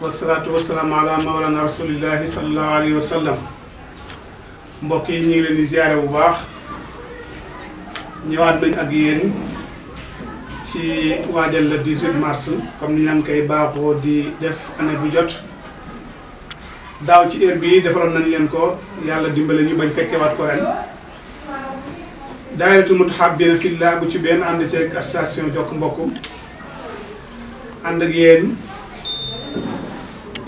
wasalaatu wasalaam ala mawlana rasulillahi salallahu alayhi wa sallam mbokk yi ñu ngi leen di ziare bu baax ñëwaat nañ ak yéen ci waajal la 18 mars comme ni ñu koy baaxoo di def année bu jot daaw ci heure bii defaloon nañ leen ko yàlla dimbale ñu bañ fekkee fekkewaat ko ren daayiratul mutahabbina fillah bu ci benn ànd ceeg association jokk ak yéen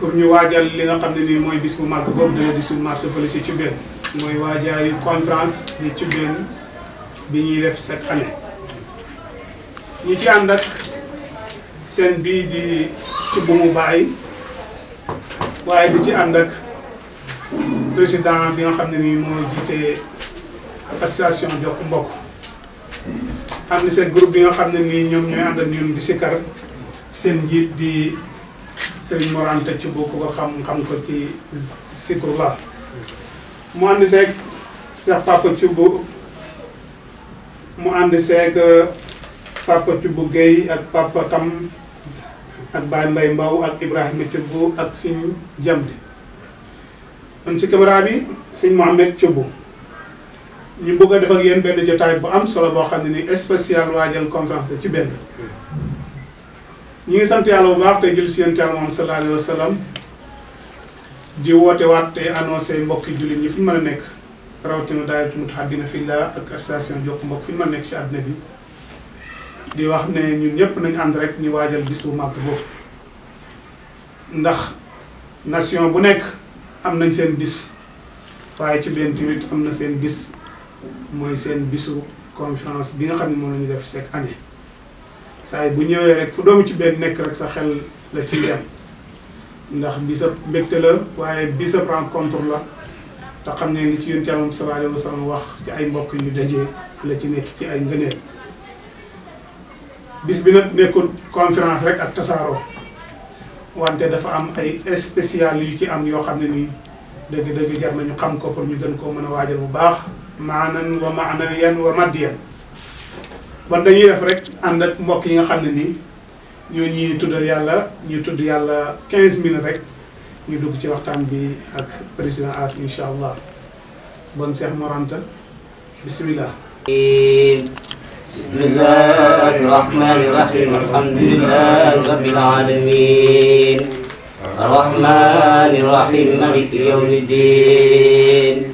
pour ñu waajal li nga xam ne nii mooy bis bu màgg boobu dana di suñu marché fële ci Thioubène mooy waajaayu conférence de Thioubène bi ñuy def set année ñi ci ànd ak seen bii di Thioub mu bàyyi waaye di ci ànd ak président bi nga xam ne nii moo jiite association jokk mbokk am na seen groupe bi nga xam ne nii ñoom ñooy ànd ak ñun di sikkar seen njiit di sëriñ Morante ci bokk ko xam xam ko ci mo mu ànd sek Cheikh Papa Thioub mu ànd sek euh, Papa chubu gei ak Papa Tam ak Baye Mbaye Mbaw ak te chubu ak Sëñ Jamdi an si rabi bi Sëñ Mohamed Thioub ñu bëgg a def ak yéen benn jotaay bu am solo bo xamni ni spécial waajal conférence ci benn ñu ngi sant yàlla bu baax te julli si yonent yàlla moom sallallahu alayhi wa sallam di woote waat te mbokki jullit ñi fu ñu mën a nekk rawatina dina mutahabbina fillah ak station jokk mbokk fi ñu mën a nekk ci àddina bi di wax ne ñun ñëpp nañ ànd rek ñu waajal bis bu màgg boobu ndax nation bu nekk am nañ seen bis waaye ci leen tamit am na seen bis mooy seen bisu conférence bi nga xam ne moom lañu def seet année saay bu ñëwee rek fu doomu ci benn nekk rek sa xel la ci yem ndax bisab mbégte la waaye bisab rencontre la te xam ne ni ci yonent moom sallallahu alayhi wa wax ci ay mbokk yu dajee la ci nekk ci ay ngëneel bis bi nag nekkul conférence rek ak tasaaroo wante dafa am ay spécial yu ci am yoo xam ne nii dëgg-dëgg jar nañu xam ko pour ñu gën koo mën a waajal bu baax maanan wa maanawiyan wa maddiyan kon dañuy def rek ànd ak mbokk yi nga xam ne nii ñoo ñuy tuddal yàlla ñu tudd yàlla 15 minutes rek ñu dugg ci waxtaan bi ak président As incha allah bon Cheikh Moranta bismillah بسم الله الرحمن الرحيم الحمد لله رب العالمين الرحمن الرحيم مالك يوم الدين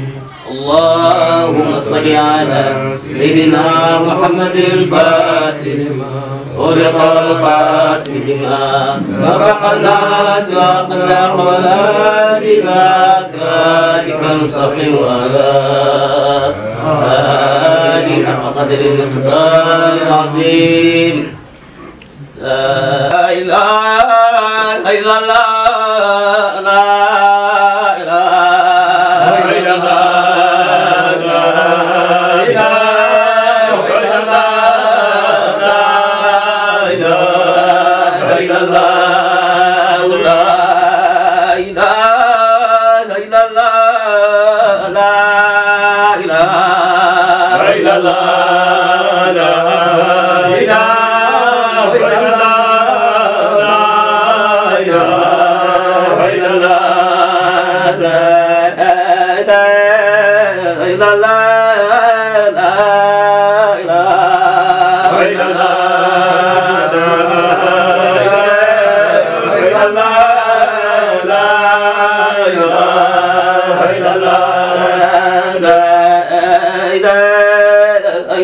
اللهم صل على سيدنا محمد الفاتح أغلق الخاتم بما سبق الناس وأقلق ولا بلا سرادك المستقيم وعلى آله فقدر قدر المقدار العظيم لا إله إلا الله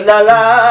la la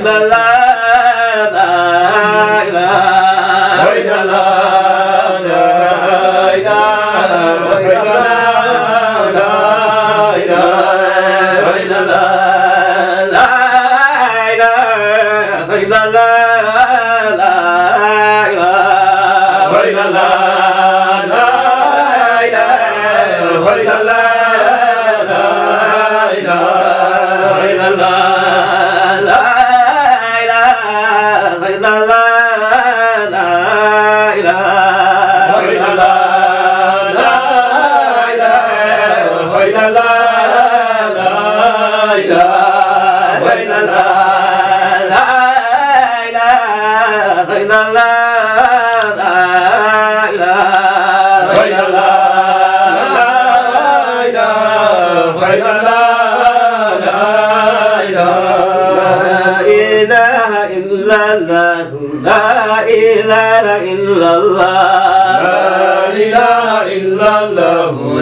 la la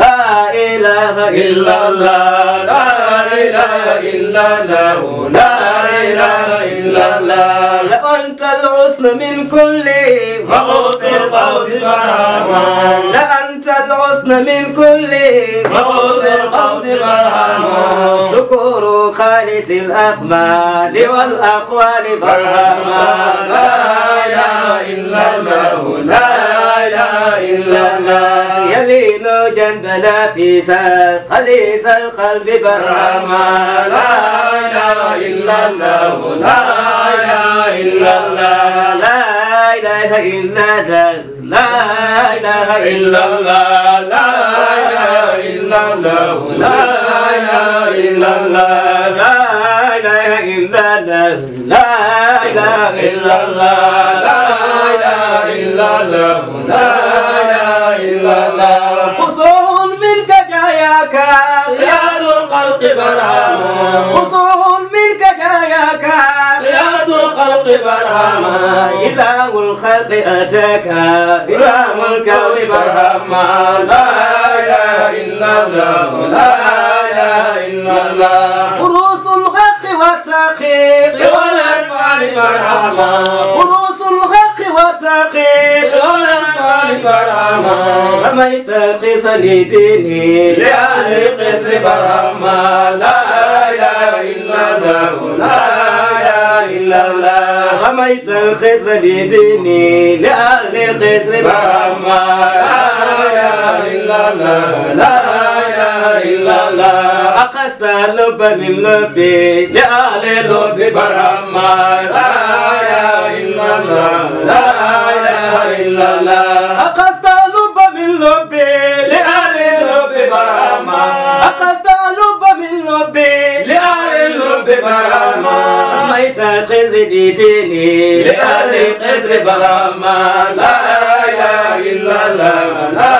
لا إله إلا الله لا إله إلا الله لا إله إلا الله لأنت الحسن من كل مغوث القوس برهمان لأنت الحسن من كل مغوث القوس برهمان شكر خالص الأقمال والأقوال برهمان لا إله إلا الله لا إله إلا الله يلين جنب نفيس خليس القلب برهما لا إله إلا الله لا إله إلا الله لا إله إلا الله لا إله إلا الله لا إله إلا الله لا إله إلا الله لا إله إلا الله لا إله إلا الله لا إله إلا الله لا إله إلا الله برهما قصوهم من كداياك يا ذو الخلق برهما إله الخلق أتاك إمام الكون برهما لا إله إلا الله لا إله إلا الله قروس الحق والتحقيق والأفعال برهما قروس الحق والتحقيق الإمام برهما لم يتلقي سنديني لأهل قصر برهما لا إله إلا الله لا إله إلا الله رميت الخسر ديني لأهل الخسر برهما لا إله إلا الله لا إله إلا الله أقصت اللب من لبي لأهل اللب برهما لا إله الله لا إله إلا الله أقصد لب من لبي لأهل لب برامة أقصد لب من لبي لأهل لب برامة أميت خزر ديني لأهل خزر برامة لا إله إلا الله لا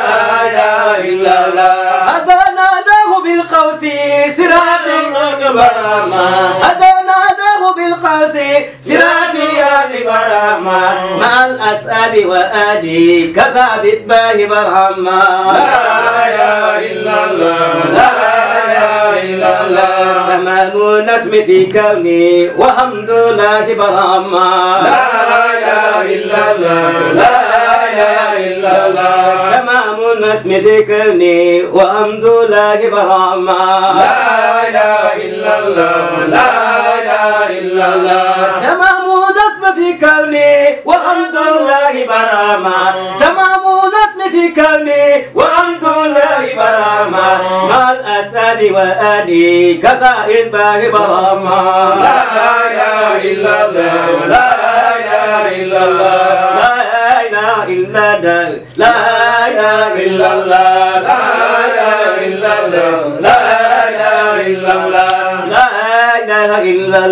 إله إلا الله أدانا له بالقوس سراج برامة أدانا بالخلص سراتي يا برحمة مع الأسأل وآدي كثابت باه برهما لا يا إلا الله لا إلا الله تمام النسم في كوني وحمد الله برهما لا يا إلا الله لا يا إلا الله تمام النسم في كوني وحمد الله برحمة لا يا إلا الله لا إلا الله تمام الاسم في كوني وحمد الله براما تمام الاسم في كوني وحمد الله براما مع الأسد وآلي كذا باه براما لا إله إلا الله لا إله إلا الله لا إله إلا الله لا إله إلا الله لا إله إلا الله لا إله إلا الله إله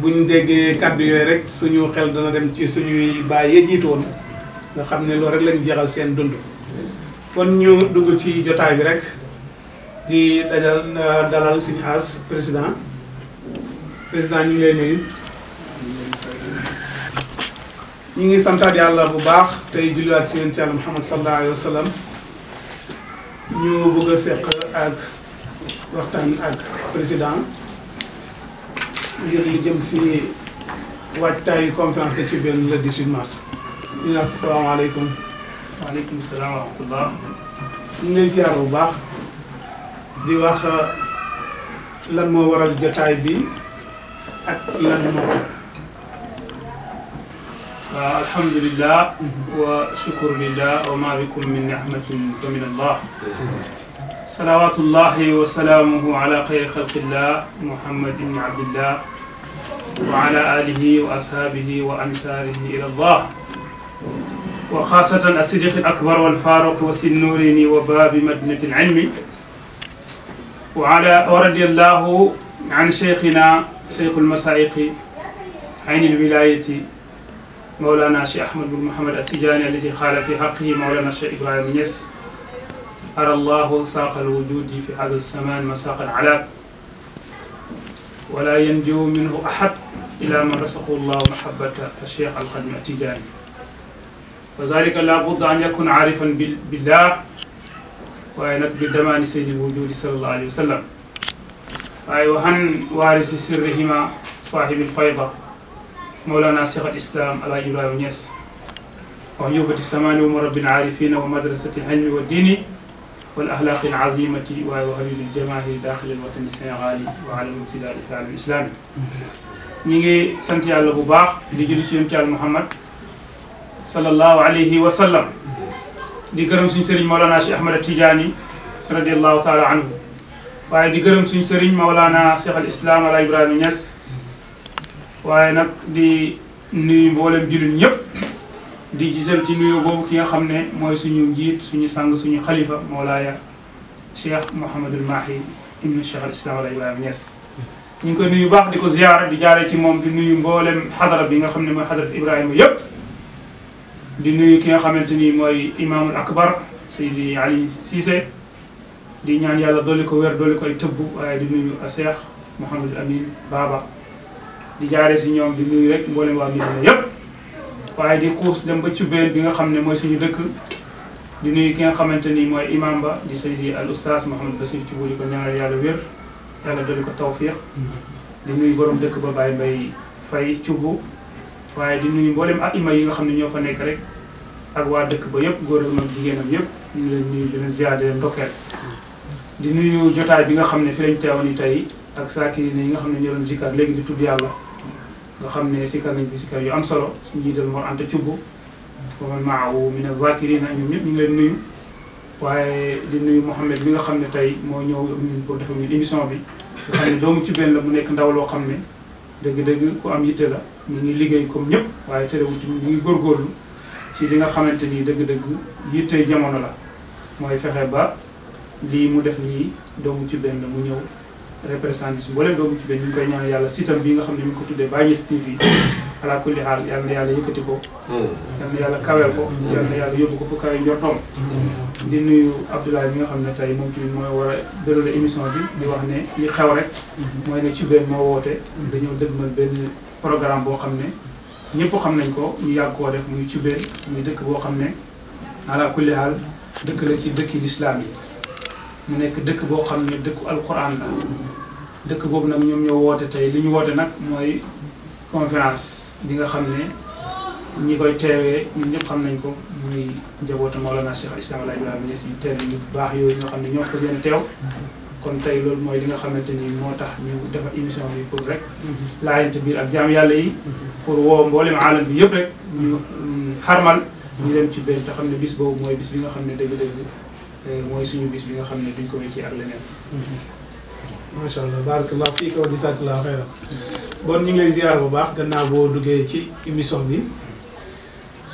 buñ déggee kàddu yooyu rek suñu xel dana dem ci suñuy baay ya jiitu nga xam ne loolu rek lañ jeexal seen dund kon ñu dugg ci jotaay bi rek di dajal dalal suñu as président président ñu ngi lay ñu ngi santaat yàlla bu baax tey julliwaat ci yonent yàlla Muhammad sallallahu alayhi wa sallam ñu bëgg a seq ak waxtaan ak président ngir lu jëm si waajtaayu conférence de Thiouben le 18 mars. ñu naan salaamaaleykum. waaleykum salaam wa rahmatullah. ñu ngi lay ziar bu baax di wax lan moo waral jotaay bi ak lan moo. آه، الحمد لله وشكر لله وما بكم من نعمة فمن الله صلوات الله وسلامه على خير خلق الله محمد بن عبد الله وعلى آله وأصحابه وأنساره إلى الله وخاصة الصديق الأكبر والفاروق والسنورين وباب مدينة العلم وعلى ورضي الله عن شيخنا شيخ المسائق عين الولاية مولانا الشيخ أحمد بن محمد التجاني الذي قال في حقه مولانا الشيخ إبراهيم يس أرى الله ساق الوجود في هذا الزمان مساق العلاب ولا ينجو منه أحد إلى من رزقه الله محبة الشيخ القدم التجاني وذلك لا بد أن يكون عارفا بالله وينك بدمان سيد الوجود صلى الله عليه وسلم أيها وارث سرهما صاحب الفيضة مولانا شيخ الإسلام على إبراهيم نيس وأنيوبة السمان ومرب العارفين ومدرسة العلم والدين والأخلاق العظيمة وهبيب الجماهير داخل الوطن السنغالي وعلى الابتداء الفعل الإسلامي نيجي سنتي يالا بو باخ دي جولي سي محمد صلى الله عليه وسلم دي گرم سن مولانا شيخ احمد التجاني رضي الله تعالى عنه واي دي گرم سن مولانا شيخ الاسلام على ابراهيم نيس waaye nag di nuyu mboolem jullit ñëpp di gisal ci nuyu boobu ki nga xam ne mooy suñu njiit suñu sang suñu xalifa Mawlaaya Cheikh Mouhamadul Mahi ibnu Cheikh al Islam al Ibrahima Niass ñu ngi koy nuyu baax di ko ziyaara di jaaree ci moom di nuyu mboolem xadara bi nga xam ne mooy xadara Ibrahima yëpp di nuyu ki nga xamante ni mooy imaamul akbar Seydi Ali Cissé di ñaan yàlla dolli ko wér dolli ko ay tëbb waaye di nuyu Cheikh Mouhamadul Amin Baba. di jaare si ñoom di nuyu rek mboolem waa Médina yépp waaye di xuus dem ba Cubéen bi nga xam ne mooy suñu dëkk di nuyu ki nga xamante ni mooy imam ba di Seydi al oustaz Mouhamed Bassir Thioub di ko ñaanal yàlla wér yàlla dolli ko tawfiq di nuyu borom dëkk ba Baye Mbaye Faye Thioub waaye di nuyu mboolem ak ima yi nga xam ne ñoo fa nekk rek ak waa dëkk ba yëpp góor ak mag jigéenam yëpp ñu leen nuyu di leen ziar di nuyu jotaay bi nga xam ne fi lañ teewoon ni tey ak saakiri yi nga xam ne ñoo doon léegi di tudd yàlla nga xam ne sikar nañ fi sikar yu am solo suñu jiital Mor Anta Thioub wa man maahu min azakirina ñoom ñëpp ñu ngi leen nuyu waaye di nuyu Mouhamed mi nga xam ne tey moo ñëw ñun pour defal ñun émission bi nga xam ne doomu ci benn mu nekk ndaw loo xam ne dëgg-dëgg ku am yitte la ñu ngi liggéey comme ñëpp waaye terewul tamit ñu ngi góorgóorlu ci li nga xamante ni dëgg-dëgg yitte jamono la mooy fexe ba lii mu def nii doomu ci benn mu ñëw représenté si mbooleem doomu jigéen ngi koy ñaan yàlla sitam bi nga xam ne mi ngi ko tuddee Baye Niass TV ala kulli xaal yàlla yëkkati ko hmm. yàlla kaweel ko hmm. yàlla yóbbu ko fu kawe njortoom hmm. di nuyu Abdoulaye bi nga xam ne tey moom tamit mooy war a déroulé émission bi mu wax ne li xew rek mooy ne ci moo woote dañoo dëgmal benn programme boo xam ne ñëpp xam nañ ko ñu yàgg koo def muy Cubéen muy dëkk boo xam ne ala kulli haal dëkk la ci dëkki lislaam yi mu nekk dëkk boo xam ne dëkku alquran dëkk boobu nag ñoom ñoo woote tey li ñu woote nag mooy conférence bi nga xam ne ñi koy teewee ñun ñëpp xam nañ ko muy njabootu Mawlana Cheikh Islam El Hadj Ibrahima Niass ñu teel ñu baax yooyu ñoo xam ne ñoo ko seen teew. kon tey loolu mooy li nga xamante ni moo tax ñu defar émission bi pour rek. laajante biir ak jaam yàlla yi. pour woo mboolem aalam bi yëpp rek. ñu mm, xarmal. ñu dem ci benn te xam ne bis boobu mooy bis bi nga xam ne dëgg-dëgg euh, mooy suñu bis bi nga xam ne duñ ko wéccee ak leneen. macha allah barakallah fii ko la xeyran bon ñu ngi lay bu baax gannaaw boo duggee ci émission bi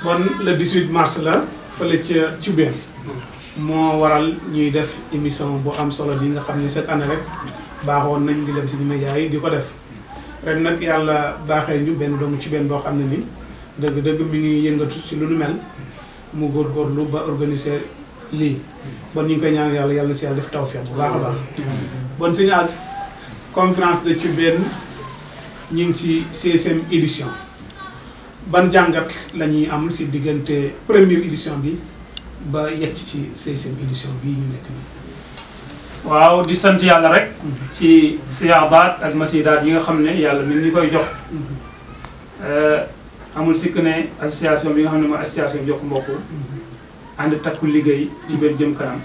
bon le 18 mars la fële ca Thioubène moo waral ñuy def émission bu am solo bi nga xam ne cette année rek baaxoon nañ di dem si média yi di ko def ren nag yàlla baaxee ñu benn doomu Thioubène boo xam ne ni dëgg-dëgg mi ngi yëngatu ci lu nu mel mu góorgóorlu ba organiser. li, bon ñu ngi koy ñaan yalla yalla si yalla def tawfiq bu baax a baax bon suñu az conférence de ben ñu ngi ci csm édition ban jangat lañuy am si digënté première édition bi ba yegg ci csm édition bi ñu nekk ni waaw di sant yàlla rek ci siyaabaat ak masidaat yi nga xam ne yàlla mi ngi koy jox mm-hmm. euh, amul sikk ne association bi nga xam ne mooy association jox Mbokk mm-hmm. ànd takku liggéey ci biir jëm kanam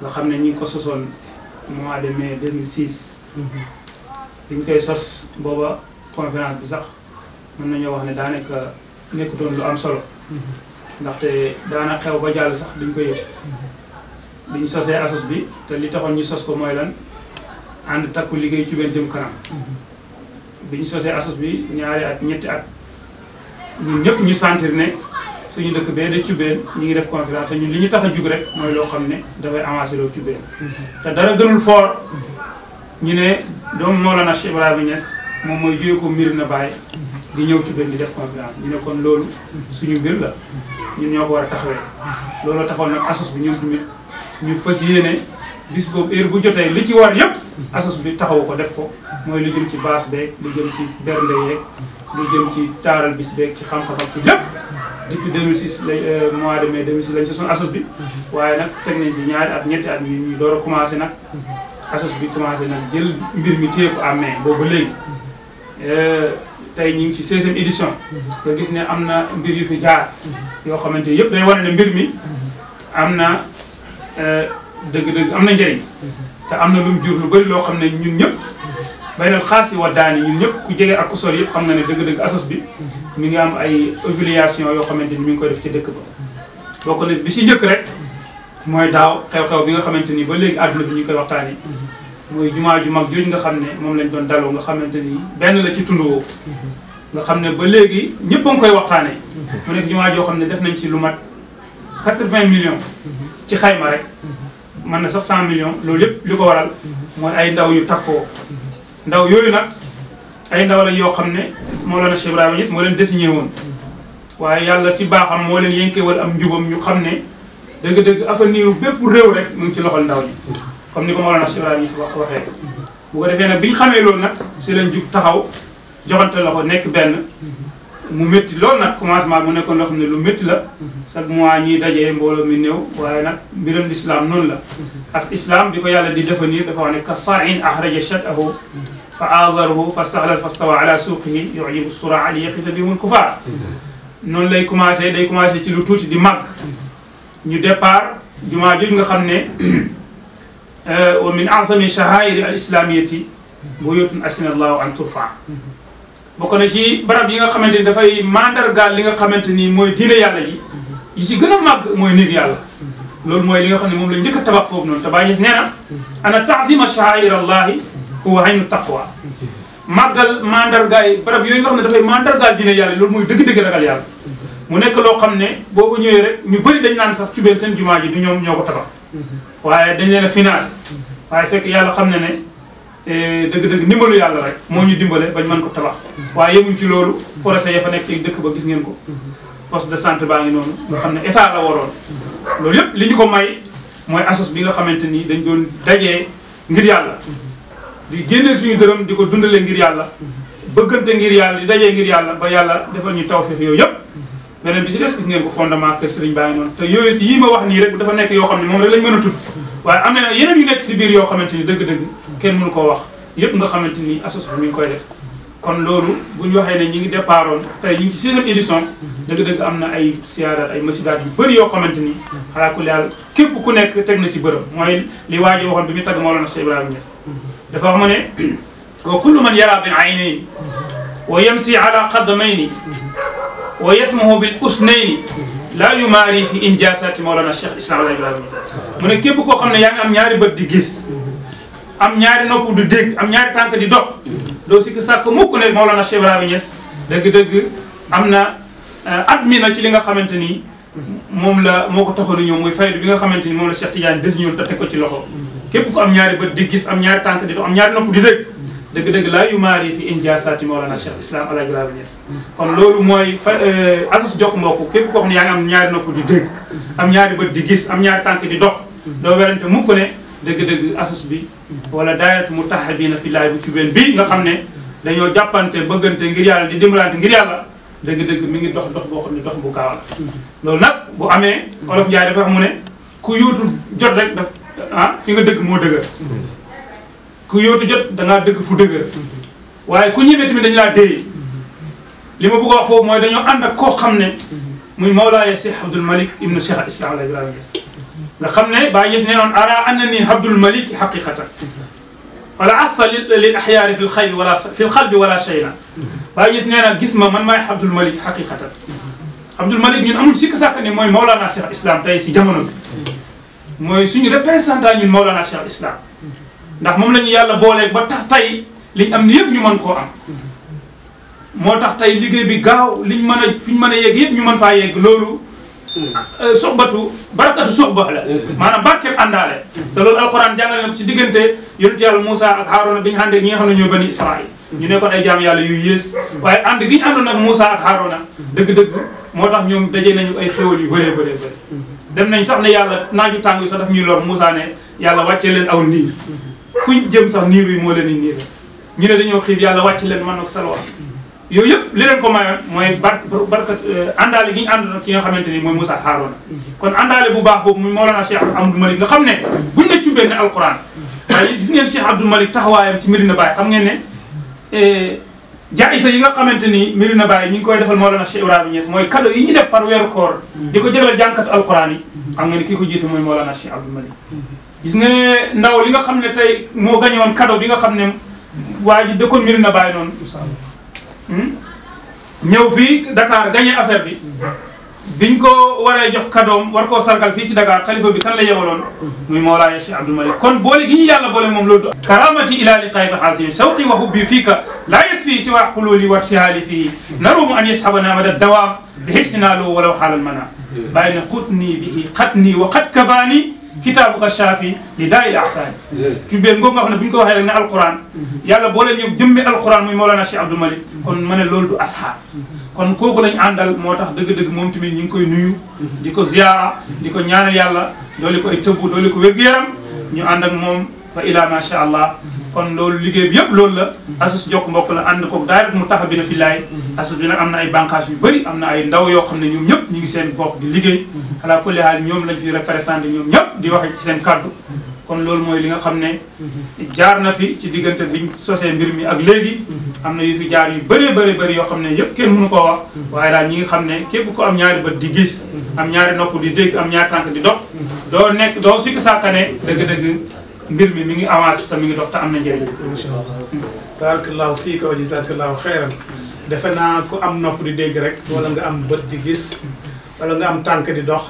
nga xam ne ñi ngi ko sosoon mois de mai 2006 bi ñu koy sos booba conférence bi sax mën nañoo wax ne daanaka nekk doon lu am solo ndaxte daana xew ba jàll sax duñ koy yëg ñu sosee asos bi te li taxoon ñu sos ko mooy lan ànd takku liggéey ci benn jëm kanam bi ñu sosee asos bi ñaari at ñetti at ñun ñëpp ñu sentir ne suñu dëkk bee de Cubéen ñu ngi def conférence te li ñu tax a jug rek mooy loo xam ne dafay avancé loo Cubéen mm-hmm. te dara gënul fort mm-hmm. ñu ne doomu Mawlana Cheikh Ibrahima Niass moom mooy jóge ko mbir na bàyyi mm-hmm. di ñëw Cubéen di def conférence ñu ne kon loolu suñu mbir la ñun ñoo ko war a taxawee looloo taxoon nag asos bi ñu fas yéene bis boobu bu jotee li ci war yëpp asos bi taxawu ko def ko mooy lu jëm ci baas beeg lu jëm ci bernde yeeg lu jëm ci taaral bi beeg ci ci lépp depuis 2006 lay euh, mois de mai 2006 lañ son asos bi. Mhm. waaye nag teg nañ si ñaari at ñetti at ñu ñu door a commencé nag. Mhm. asos bi commencé nag jël mbir mi téye ko à main boobu ba mhm. euh, tey ñu ngi ci 16e édition. nga gis ne am na mbir yu fi jaar. yoo xamante yëpp day wane ne mbir mi. am na euh, dëgg-dëgg am na njëriñ. te am na lu mu jur lu bari loo xam ne ñun ñëpp. bay na xaas yi wa daani ñun ñëpp ku jege ak ku sori yëpp xam na ne dëgg-dëgg asos bi. mi ngi am ay humiliation yoo xamante ni mi ngi koy def ci dëkk ba bokk na bi si njëkk rek mooy daaw xew-xew bi nga xamante ni ba léegi àdduna bi ñu koy waxtaanee mooy jumaa ju mag jooju nga xam ne moom lañ doon daloo nga xamante ni benn la ci tund nga xam ne ba léegi ñëpp a ngi koy waxtaanee mu nekk jumaa joo xam ne def nañ si lu mat quatre vingt million ci xayma rek mën na sax cent millions loolu yëpp li ko waral mooy ay ndaw yu takkoo ndaw yooyu nag أين دولة يقمني مولانا شيخ إبراهيم يس مولانا دسيني هون وهاي الله سي باخام مولانا ينكي ول ام جوبم يو خمني دغ دغ افانيو بيب ريو رك مون سي لوخال ندولي كوم نيكو مولانا شيخ إبراهيم يس واخه بو كو ديفينا بين خامي لول نا سي لن جوب تاخاو جوبانتا لوخو نيك بن مو ميتي لول نا كومانس ما مو نيكون لوخو لو ميتي لا ساك موا ني داجي فعاذره فاستغلل فاستوى على سوقه يعجب الصراع ليقف بهم الكفار نون لاي كوماسي داي كوماسي تي لو توتي دي ماك ني ديبار جوما جوج nga xamne euh ومن اعظم شعائر الاسلاميه بيوت اسن الله ان ترفع بوكو نجي برام ييغا خامتيني دا فاي ماندار غال ليغا خامتيني موي دين يالا يي يي سي غنا ماك موي نيغ يالا لول موي ليغا خامني موم لا نديك تباخ فوف نون تباخ نينا انا تعظيم شعائر الله huwa aynu taqwa màggal mandargaay barab yooyu nga xam ne dafay mandargaal dina yàlla loolu mooy dëgg-dëgg ragal yàlla mu nekk loo xam ne boo ko ñëwee rek ñu bëri dañ naan sax cubeen seen jumaa ji du ñoom ñoo ko tabax waaye dañ leen a financé waaye fekk yàlla xam ne ne eh, dëgg-dëgg ndimbalu yàlla rek moo ñu dimbale bañ man ko tabax waaye yemuñ ci loolu projet ya fa nekk ci dëkk ba gis ngeen ko poste de santé baa ngi noonu nga xam ne état la waroon loolu yëpp li ñu ko may mooy assos bi nga xamante ni dañ doon dajee ngir yàlla di génne suñu dërëm di ko dundale ngir yàlla bëggante ngir yàlla di dajee ngir yàlla ba yàlla defal ñu tawfeex yooyu yëpp beneen bi ci des gis ngeen ko fondement kër Serigne Baye noonu si yii nekk yoo xam ne moom a tudd waaye am na yeneen yu nekk si biir yoo xamante ni dëgg-dëgg kenn mënu koo wax yëpp nga xamante ni association mi ngi koy def kon loolu bu ñu waxee ne ñi ngi départoon tey ñi ngi ci sixième édition dëgg am na ay siyaaraat ay masidaat yu bëri yoo xamante ni xalaa ku laal képp ku nekk teg na si bërëb mooy li waa ji waxoon bi ñu tagg Mawlana Cheikh Ibrahima Niass دفعمني وكل من يرى بالعيني ويمسي على قدمين ويسمه بالأسنين لا يماري في إنجازات مولانا الشيخ إسلام عليه الصلاة من كيف كو خمنا يعني أم ياري بدي جيس أم ياري نوكو دو ديك أم ياري تانك دي دوك لو سيك ساكو موكو نيل مولانا الشيخ رامي نيس دك دك أمنا أدمينا كي لنغا خمنتني موم لا موكو تخلو نيوم ويفايل بيغا خمنتني مولانا الشيخ تيجان دزنيو تتكو تي لغو képp ku am ñaari bët di gis am ñaari tànk di dox am ñaari nopp di dégg dëgg-dëgg laa yu maari fi injaasaati Mawlana Cheikh euh, di dégg ñaari bët di gis am ñaari tànk di dox doo werante mukk ne dëgg-dëgg asus bi wala daayat mu taxabina fi laay bu ci bi nga xam ne dañoo jàppante bëggante ngir yàlla di dimbalante ngir yàlla dëgg-dëgg mi ngi dox dox boo xam bu gaaw la loolu nag bu amee olof Njaay dafa wax mu ne ku yuutu jot rek ah fi nga dëgg moo dëgër ku yóotu jot da ngaa dëgg fu dëgër waaye ku ñëwee tamit dañu laa déey li ma bëgg a wax foofu mooy dañoo ànd ak koo xam ne muy Mawlaaya Cheikh Abdoul Malik ibnu Cheikh al Islam ala Ibrahima Niass nga xam ne Baye Niass nee noon ara annani Abdoul Malik xaqiqatan wala assa lil axyaari fi lxayl wala fi lxalbi wala shayna Baye Niass nee na gis ma man maay Abdoul Malik xaqiqatan Abdoul Malik ñun amul sikk sàkk ne mooy Mawlaana Cheikh Islam tey si jamono bi mooy suñu représentant ñun Mawlana Cheikh al Islam ndax moom la yàlla booleeg ba tax tey liñ am ni yëpp ñu mën koo am moo tax tey liggéey bi gaaw liñ mën a fuñ mën a yegg yëpp ñu mën faa yegg loolu euh, soxbatu barakatu soxba la maanaam barkeeb àndaale te loolu alquran jàngale na ko ci diggante yonent yàlla Moussa ak Haaruna bi ñu àndee ñi nga xam ne ñoo bani Israil ñu ko ay jaam yàlla yuy yées waaye ànd gi ñu àndoon ak Moussa ak Haaruna dëgg-dëgg moo tax ñoom dajee nañu ay xéwal yu bëree bëree dem nañ sax ne yàlla naaju tàng yi sax daf ñuy lor Moussa ne yàlla wàcce leen aw niir fuñ jëm sax niir bi moo leen di niir ñu ne dañoo xiif yàlla wàcc leen man ak salwa yooyu yëpp li leen ko mayoon mooy bar barkat euh, àndaale gi ñu àndoon ki nga xamante ni mooy Moussa Harouna kon àndaale bu baax boobu muy Mawlana Cheikh Abdoul Malick nga xam ne buñ ne cumbee ne alquran waaye gis ngeen Cheikh Abdoul Malick taxawaayam ci Medina Baye xam ngeen ne euh, jaayisa yi nga xamante ni na Baye ñu ngi koy defal Mawlana Cheikh Ibrahima Niass mooy cadeau yi ñu def par weeru koor mm. di ko jëlal jànkat alquran yi xam nga ne kii ko jiite mooy Mawlana Cheikh Abdou Malik gis nga ne ndaw yi nga xam ne tey moo gañe woon cadeau bi nga xam ne waa ji dëkkoon na Baye noon hmm? ñëw fii Dakar gañe affaire bi biñ ko waree jox kadoom war koo sargal fii ci Dakar xalifa bi kan la yemaloon muy Mawlaaya Cheikh Abdoul Malick kon boole gi ñu yàlla boole moom loolu du karamati ila liqaayka xaasimi shawqi wa hubbi fiika laa yasfi siwa xululi wa irtihaali fii naruumu an yasxabana mada dawaam bi xibsinaa loo walaw xaalal mana bàyyi ne xutnii bihi xatnii wa xat kabaani kitaabuka shaafi li daa'il ahsaani ci biir ngóob nga xam ne bu ko waxee rek ne alquran yàlla boo leen ñëw jëmmi alquran muy Mawlana Cheikh Abdou Malick kon ma ne loolu du asxaar kon kooku lañ àndal moo tax dëgg-dëgg moom tamit ñu ngi koy nuyu di ko ziyaara di ko ñaanal yàlla dooli ko ay tëbb dooli ko wér-gu-yaram ñu ànd ak moom ba ilaa macha allah kon loolu liggéey bi yëpp loolu la asus jokk mbokk la ànd ko daay rek mu tax bi na fi laay mhm. asus bi nag am na ay bànqaas yu bëri am na ay ndaw yoo xam ne ñoom ñëpp ñu ngi seen bopp di liggéey xalaa mhm. kulli haal ñoom lañ fi représenté ñoom ñëpp di waxe ci seen kàddu mhm. kon loolu mooy li nga xam ne jaar na fi ci diggante biñ sosee mbir mi ak léegi am na yu fi jaar yu bëree bëri bëri yoo xam ne yëpp kenn mënu koo wax waaye daal ñi nga xam ne képp ku am ñaari bët di gis am ñaari nopp di dégg am ñaari tànk di dox doo nekk doo mbir mi mi ngi avancé te mi ngi dox te am na njëriñ. incha defe naa ku am nopp di dégg rek. wala nga am bët di gis. wala nga am tànk di dox.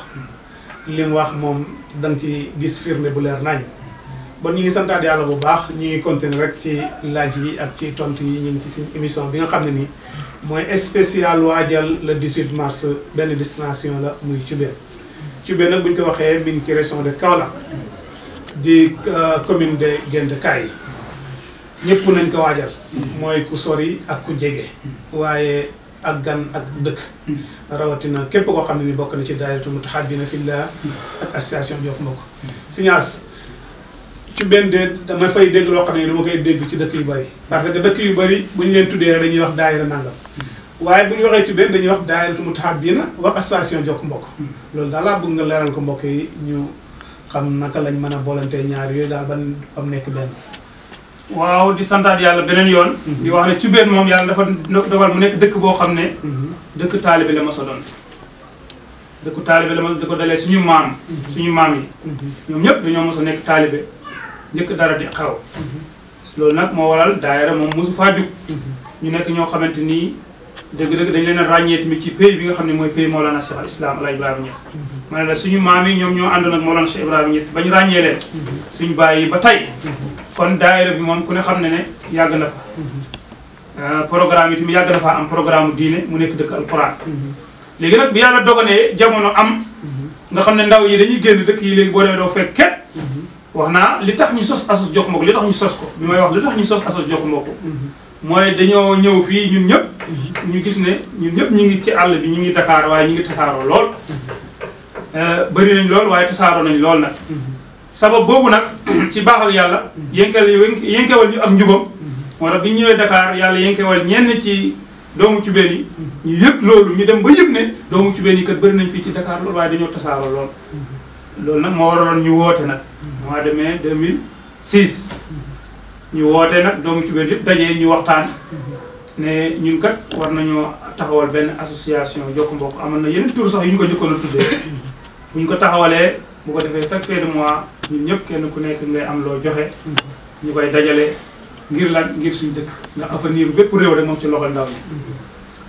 li wax moom danga ci gis firnde bu leer nañ bon ñu ngi yàlla bu baax ñu ngi rek ci laaj yi ak ci tontu yi ñu ngi ci suñu émission bi nga xam ne nii mooy spécial waajal le 18 mars benn destination la muy Cubéen Cubéen nag bu ñu ko waxee mi ngi ci région de Kaolack di euh, commune de Guent Kaay ñëpp nañ ko waajal mooy ku sori ak ku jege waaye ak gan ak dëkk rawatina képp koo xam ne ni bokk na ci daayiratu mutahabbina fillah ak association Jokk Mbokk Sinaas ci benn de dama fay dégg loo xam ne dama koy dégg ci dëkk yu bari parce que dëkk yu bari bu ñu leen tuddee rek dañuy wax daayira nangam waaye bu ñu waxee ci dañuy wax daayiratu mutahabbina wax association Jokk Mbokk loolu daal laa nga leeral ko mbokk yi xam naka lañ mën a boolantee ñaar yooyu daal ban am nekk benn. waaw di santaat yàlla beneen yoon. Mhm. di wax ne Cubéen moom yàlla dafa dogal nekk dëkk boo xam ne. Mhm. dëkk taalibe la ma sa doon. dëkku taalibe la ma di ko dalee suñu maam. Mhm. suñu maam yi. ñoom ñëpp dañoo mos a nekk taalibe njëkk dara di xaw. loolu nag moo waral daayira moom mosu faa jug. ñu nekk ñoo xamante ni. dëgg-dëgg dañ leen a ràññee tamit ci pays bi nga xam ne mooy pays Mawlana Cheikh al Islam El Hadj Ibrahima Niass. ma ne maam yi ñoom ñoo àndoon ak Mawlana Cheikh Ibrahima Niass ba ñu ràññee ba tey. kon daayira bi moom ku ne xam ne ne yàgg na fa. Euh, programme yi tamit yàgg na am programme diine mu nekk dëkk alquran. léegi nag bi yàlla dogalee jamono am. nga xam ne ndaw yi dañuy génn dëkk yi léegi boo demee doo fekk li tax ñu sos asos jox ma ko li tax ñu sos ko bi may wax li tax ñu sos asos jox ma ko mooy dañoo ñëw fii ñun ñëpp ñu gis ne ñun ñëpp ñu ngi ci àll bi ñu ngi Dakar waaye ñu ngi tasaaroo lool euh, bëri nañ lool waaye tasaaroo nañ lool nag sabab boobu nag ci baax ak yàlla yënkal yënkewal ñu am njubam moo tax bi ñu ñëwee Dakar yàlla ñeen ñenn ci doomu cubeen yi ñu yëpp loolu ñu dem ba yëg ne doomu cubeen yi kat bëri nañ fii ci Dakar lool waaye dañoo tasaaroo lool loolu nag moo waraloon ñu woote nag mois de mai 2006 ñu woote nag doomu ci biir yëpp dajee ñu waxtaan ne ñun kat war nañoo taxawal benn association jokk mbokk amoon na yeneen tur sax yu ñu ko jëkkoon a tuddee bu ñu ko taxawalee bu ko defee chaque fin de mois ñëpp kenn ku nekk ngay am loo joxe ñu koy dajale ngir lan ngir suñu dëkk ndax avenir bépp réew rek moom ci loxol ndaw ñi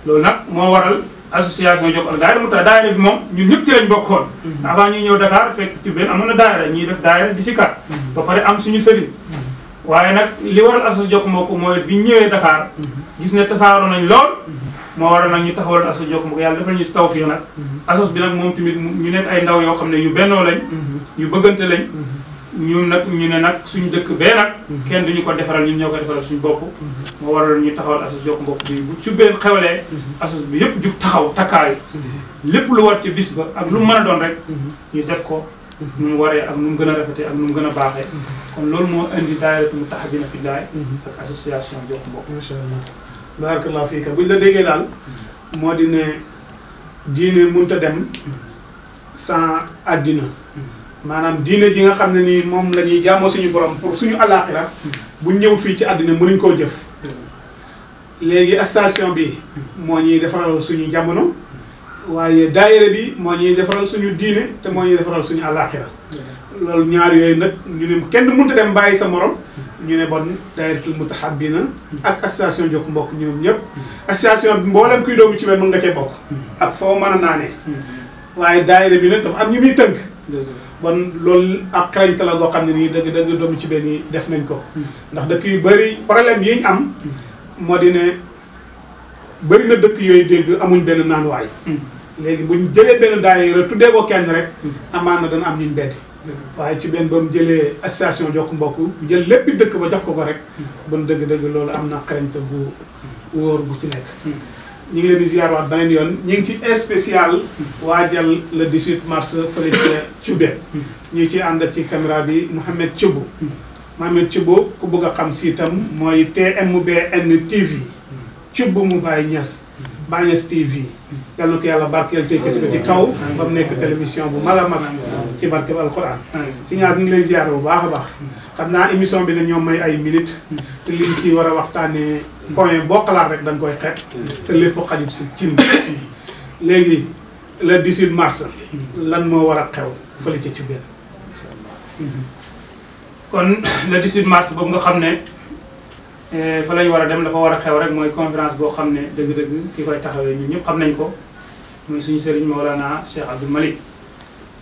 loolu nag moo waral association Jokal ak daayira mu moom ñun ñëpp ci lañ bokkoon avant ñuy ñëw Dakar fekk ci benn amoon na daayira ñuy def daayira di si kat ba pare am suñu sëriñ waaye nag li waral asu jokk mbokk mooy bi ñëwee Dakar gis ne tasaaroo nañ lool moo war nag ñu taxawal asu jokk mbokk yàlla dafa ñu si tawfiix nag asos bi nag moom tamit ñu ay ndaw yoo xam ne yu bennoo lañ yu bëggante lañ nag ñu ne nag suñu dëkk bee nag kenn duñu ko defaral ñun ñëw ko defaral suñu bopp moo waral ñu taxawal asos jokk mbokk bi bu subbeen xewalee asos bi yëpp jug taxaw takkaayu lépp lu war ci bis ba ak lu man a doon rek ñu def ko nu mu waree ak nu mu gën a rafetee ak nu mu gën a baaxee. Mhm. kon loolu moo indi daayira Mutahabina Fillahi mhm. ak association Jokk Mbokk. macha allah barakallahu fiika ñu la déggee daal. Mhm. moo di ne diine mënut a dem. sans àddina. maanaam diine ji nga xam ne nii moom lañuy ñuy suñu borom pour suñu alaaxira buñ ñëw fii ci àddina mënuñ koo jëf. léegi station bi. moo ñuy defaral suñu jamono. waaye daayira bi moo ñuy defaral suñu diine te moo ñuy defaral suñu àllaaxira loolu ñaari yooyu nag ñu ne kenn mënta dem bàyyi sa morom ñu ne bon daayiratul mutahabbina ak association jokk mbokk ñoom ñëpp association bi mboolem kuy doomu ci benn mun nga cee bokk ak foo man a naanee waaye daayira bi nag dafa am ñu muy tënk bon loolu ak xarañte la goo xam ne nii dëgg dëgg doomu ci benn yi def nañ ko ndax dëkk yu bëri problème yi am moo di ne bëri na dëkk yooyu dégg amuñ benn naanuwaay léegi bu ñu jëlee benn daayira tuddee ko kenn rek amaan na dana am ñu bett waaye ci ba mu jëlee association jokk mbokk jël lépp dëkk ba jox ko ko rek bon dëgg-dëgg loolu am na xarañte bu wóor bu ci nekk ñu ngi leen di ziar waat yoon ñu ngi ci spécial waajal le 18 mars fële ca Cubé ñu ci ànd ci caméra bi Mouhamed Thiobo Mouhamed Thiobo ku bëgg a xam siitam mooy TMBN TV Thiobo mu bàyyi ñes Bagnès TV yal na ko yàlla barkeel tey ko ci kaw ba mu nekk télévision bu mala a ci barkeel alquran si ñaar ñu ngi lay ziar bu baax a baax xam naa émission bi dañoo may ay minutes te liñ ci war a waxtaanee point boo xalaat rek da koy xeet te lépp xajut si cin léegi le 18 mars lan moo war a xew fële ci ci biir kon le 18 mars boobu nga xam ne Eh, fa lañ war a dem dafa war a xew rek mooy conférence boo xam ne dëgg-dëgg ki koy taxawee ñun ñëpp xam nañ ko muy suñu sëriñ Mawlana Cheikh Abdou Malik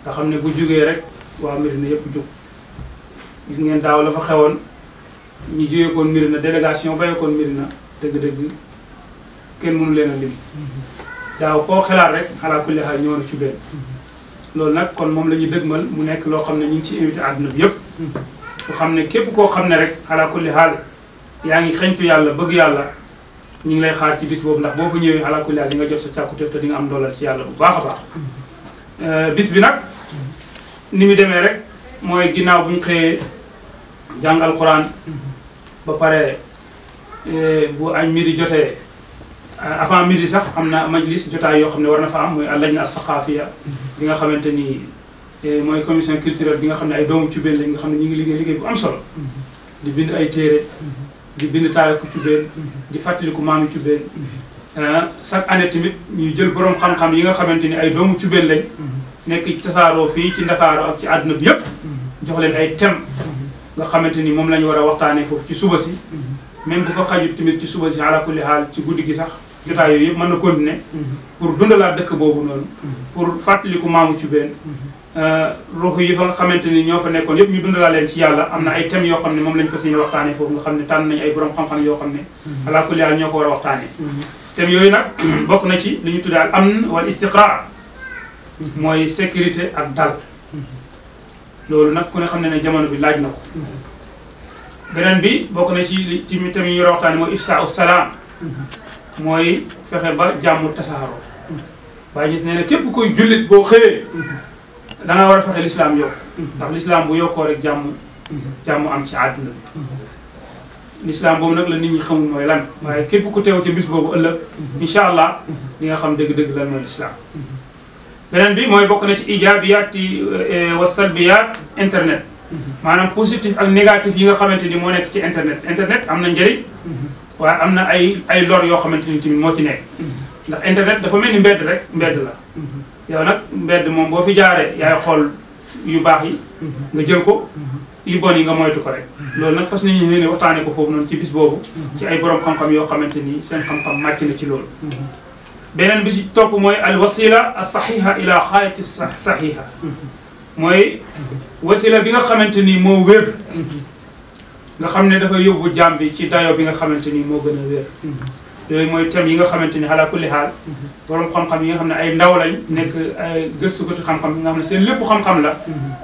nga xam ne bu jugee rek waa Medina yëpp jug gis ngeen daaw la fa xewoon ñu jógeekoon Medina délégation bayekoon na dëgg-dëgg kenn mënu leen a daaw koo xelaat rek ala kulli haal ñëw na ci loolu nag kon moom la ñu dëgmal mu nekk loo xam ne ñu ngi ci invité àdduna bi yëpp. ku ne képp koo xam ne rek ala kulli yaa ngi xeñtu yàlla bëgg yàlla ñu ngi lay xaar ci bis boobu ndax boo fa ñëwee alaakulli nga jot sa càkkutéef te di nga am doolal ci yàlla bu baax euh, bis bi nag ni mu demee rek mooy ginnaaw bu ñu xëyee jàng alxuraan ba pare euh, bu añ midi jotee euh, avant midi sax am na majlis jotaay yoo xam ne war na fa am mooy àllañ na as-saqaafiya nga xamante ni mooy commission culturelle bi nga xam ne ay doomu cubéen lañ nga xam ne ñu ngi liggéey liggéey bu am solo di bind ay téere. di bind taariku Cubeen di fàttaliku maamu Cubeen ah, chaque année tamit ñu jël borom xam-xam yi nga xamante ni ay doomu Cubeen lañ nekk tasaaroo fii ci Ndakaaru ak ci àdduna bi yëpp jox leen ay thème nga xamante ni moom la ñu war a waxtaanee foofu ci suba si même bu ko xajut tamit ci suba si ala kulli xaal ci guddi gi sax jotaay yooyu yëpp mën na continuer pour dundalaat dëkk boobu noonu pour fàttaliku maamu Cubeen Euh, ruux yi fa nga xamante ni ñoo fa nekkoon yëpp ñu dundalaa leen ci yàlla am na ay thèmes yoo xam ne moom lañ fas yéene waxtaanee foofu nga xam ne tànn nañu ay borom xam-xam yoo xam ne mhm. alaa kulli ñoo ko war a waxtaanee mhm. thèmes yooyu nag bokk na ci li ñu tuddee al amn wal istiqraa mhm. mooy sécurité ak dal loolu nag ku ne xam ne ne jamono bi laaj na ko beneen bi bokk na ci li ci thèmes yi ñu war a waxtaanee mooy ifsa salaam mooy fexe ba jàmmu tasaaroo waaye gis nee na képp koy jullit boo xëyee da nga war a fexe lislaam yokk ndax lislaam bu yokkoo rek jàmm jàmm am ci àdduna bi lislaam boobu nag la nit ñi xamul mooy lan waaye képp ku teew ci bis boobu ëllëg incha allah li nga xam dëgg-dëgg lan mooy lislaam beneen bi mooy bokk na ci ijaabiyaat yi eh, wa salbiyaat internet maanaam positif ak négatif yi nga xamante ni moo nekk ci internet internet am na njëriñ waaye am na ay ay lor yoo xamante ni tamit moo ci nekk ndax internet dafa mel ni mbedd rek mbedd la yow nag mbedd moom boo fi jaaree yaay xool yu baax yi nga jël ko yu bon yi nga moytu ko rek loolu nag fas nañu yéene waxtaane ko foofu noonu ci bis boobu ci ay borom xam-xam yoo xamante ni seen xam-xam màcc na ci loolu beneen bi ci topp mooy al wasila as saxiha ila xaayati saxiha mooy wasila bi nga xamante ni moo wér nga xam ne dafa yóbbu jaam bi ci dayo bi nga xamante ni moo gën a wér yooyu mooy thèmes yi nga xamante ni ala kulli xaal borom xam-xam yi nga xam ne ay ndaw lañ nekk ay gëstukati xam-xam yi nga xam ne seen lépp xam-xam la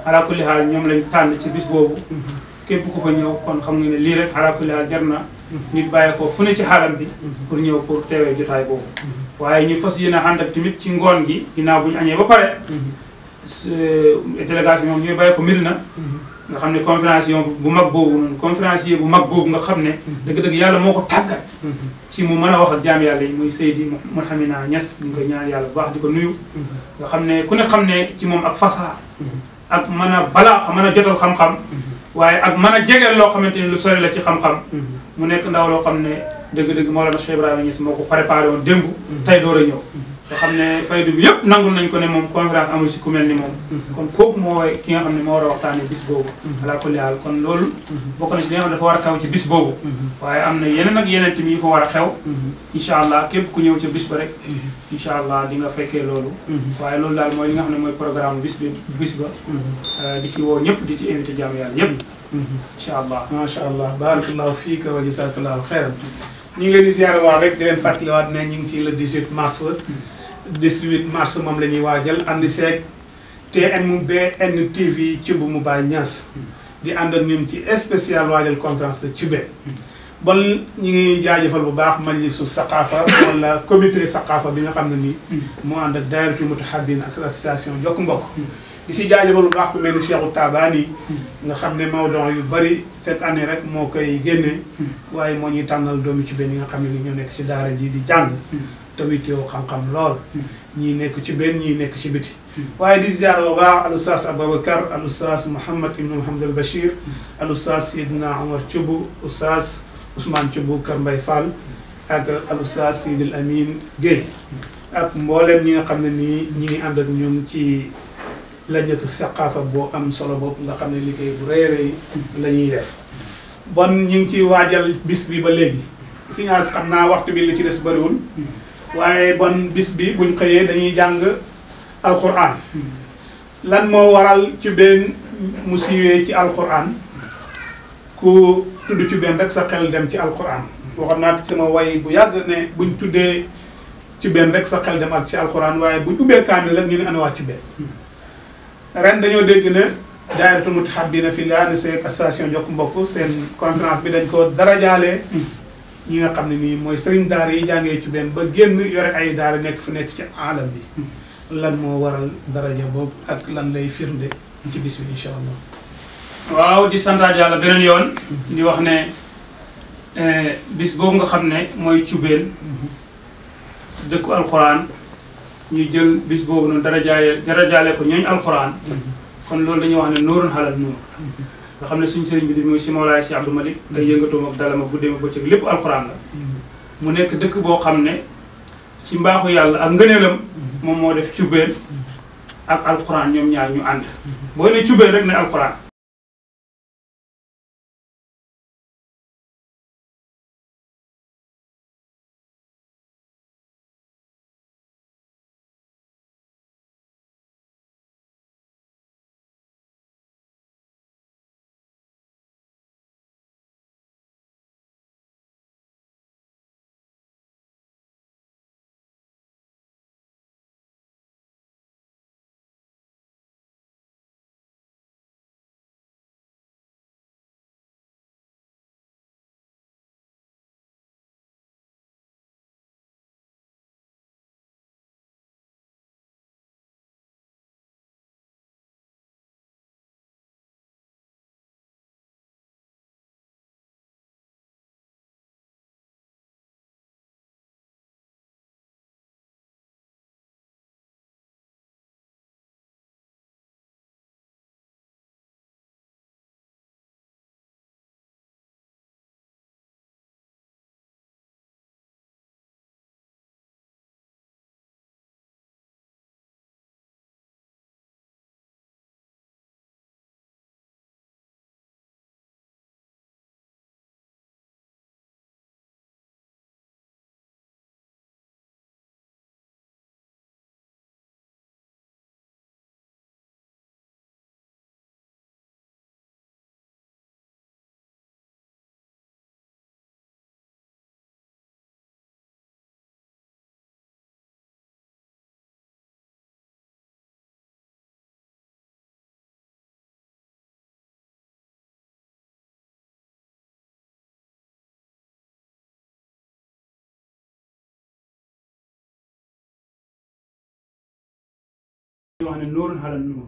ala kulli xaal ñoom lañ tànn ci bis boobu képp ku fa ñëw kon xam nga ne lii rek ala kulli xaal jar na nit bàyyi ko fu ne ci xaalam bi pour ñëw pour teewee jotaay boobu waaye ñu fas yéene ànd ak tamit ci ngoon gi ginnaaw bu ñu añee ba pare euh, délégation moom ñooy bàyyi ko mbir na nga xam ne conférencier bu mag boobu noonu conférencier bu mag boobu nga xam ne dëgg-dëgg yàlla moo ko tàggat mhm. ci mu mën a wax ak jaam yàlla yi muy Seydi Mouhamina Niass ñu ngi koy ñaan yàlla bu baax di ko nuyu mhm. nga xam ne ku ne xam ne ci moom ak fasaa mhm. ak mën a balaa mën a jotal xam-xam waaye ak man a jegeel loo xamante ni lu sori la ci xam-xam mu nekk ndaw loo xam ne dëgg-dëgg Mawlana Cheikh Ibrahima Niass moo ko préparé woon démb tey door a ñëw nga xam ne faydu bi yëpp nangul nañ ko ne moom conférence amul si ku mel ni moom mm-hmm. kon kooku moo ki nga xam ne moo war a waxtaane bis boobu mm-hmm. ala kulli haal kon loolu mm-hmm. bokk na ci li nga dafa war a xew bis boobu waaye am na yeneen ak yeneen tamit yu war a xew incha allah képp ku ñëw ca rek incha allah di nga fekkee loolu waaye loolu daal mooy li nga xam ne mooy programme bis bi bis euh, ci woo ñëpp di ci invité jaamu yàlla yëpp incha allah macha allah barakallahu fiika wa jazakallahu xeyran ñu ngi leen di ziare waat rek di ne ñu ngi si le 18 mars 18 mars moom la ñuy waajal ànd seeg TMBN TV mu Moubaye ñas di ànd ak ñun ci espécial waajal conférence de Thioubène bon ñu ngi jaajëfal bu baax majlisu saqaafa wala comité saqaafa bi nga xam ne nii moo ànd ak daayiratu mutahabbin ak association jokk mbokk di si jaajëfal bu baax ku mel ni Cheikhu Tabaani nga xam ne mawdon yu bëri cette année rek moo koy génne hmm. waaye moo ñuy tànnal doomi Thioubène yi nga xam ne ni ñoo nekk ci daara ji di jàng tamit yow xam-xam lool hmm. ñii nekk ci benn ñii nekk ci biti hmm. waaye di ziar bu baax al oustaz Ababacar al oustaz Mouhamed ibn Mouhamed al Bachir hmm. al oustaz Seydina Omar Thioub oustaz Ousmane Thioub Kër Fall ak al oustaz Seydil Amin Guèye ak mboolem ñi nga xam ne nii ñi ngi ànd ak ñoom ci lajnatu saqaafa boo am solo boobu nga xam ne liggéey bu rëy la ñuy def bon ñu ngi ci waajal bis bi ba léegi si xam naa waxtu bi li ci des bëriwul waaye bon bis bi buñ xëyee dañuy jàng alquran lan moo waral ci benn mu siiwee ci alquran ku tudd ci benn rek sa xel dem ci alquran xam naa sama way bu yàgg ne buñ tuddee ci benn rek sa xel dem ak ci alquran waaye buñ ubbee kaamil rek ñu ne ana waa ci benn ren dañoo dégg ne daayiratul mutahabbina fi laa ne see station jokk mbokk seen conférence bi dañ ko darajaalee ñi nga xam ne nii mooy sëriñ daar yi jàngee ci benn ba génn yore ay daara nekk fu nekk ci alam bi lan moo waral daraja boobu ak lan lay firnde ci bis bi incha allah waaw di santaat yàlla beneen yoon di wax ne eh, bis boobu nga xam ne mooy cubeen dëkku alxuraan ñu jël bis boobu noonu darajaale darajaale ko ñooñ alxuraan kon loolu dañuy wax ne nuurun xalal nuur nga xam ne suñ sëriñ bi di muy si Mawlaay si Abdou Malick day yëngatoom ak dalama guddeema bëccëg lépp alxuraan la mu nekk dëkk boo xam ne ci mbaaxu yàlla ak ngëneelam moom moo def cubbeen ak alxuraan ñoom ñaar ñu ànd boo ne cubbeen rek ne alxuraan wax ne nóorun xalal nuur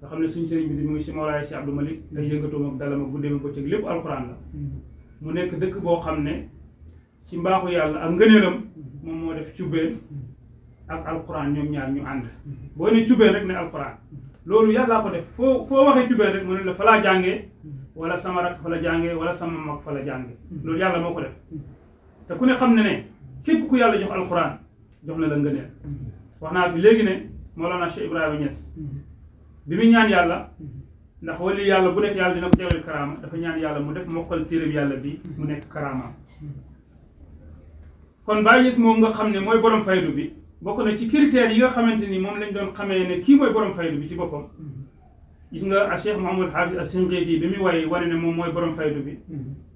xam ne suñ sëriñ bi di muy si Mawlaay si Abdou Malick mhm. ay yëngatoom ak dalam ko guddeem ak bëccëg lépp alxuraan la mhm. mu nekk dëkk boo xam ne si mbaaxu yàlla ak ngëneelam mhm. moom moo def cubbeen ak alxuraan ñoom ñaar ñu ànd boo ne cubbeen rek ne alxuraan loolu yàllaa ko def foo foo waxee cubbeen rek mu ne fa laa jàngee wala sama rakk fa la jàngee wala sama mag fa la jàngee loolu yàlla moo ko def te ku ne xam ne ne képp ku yàlla jox alxuraan jox Mawlana Cheikh Ibrahima Niass mm-hmm. bi muy ñaan yàlla mm-hmm. ndax wali yàlla bu nekk yàlla dina ko teewal karaama dafa ñaan yàlla mu def mokkal téeréb yàlla bi mm-hmm. mu nekk karaamaam kon Baye Niass moom nga xam ne mooy borom faydu bi bokk na ci critères yi nga xamante ni moom lañ doon xamee ne kii mooy borom faydu bi ci boppam gis nga a Cheikh Mouhamadou Hafiz as-Shinqiti bi muy waye wane moom mooy borom faydu bi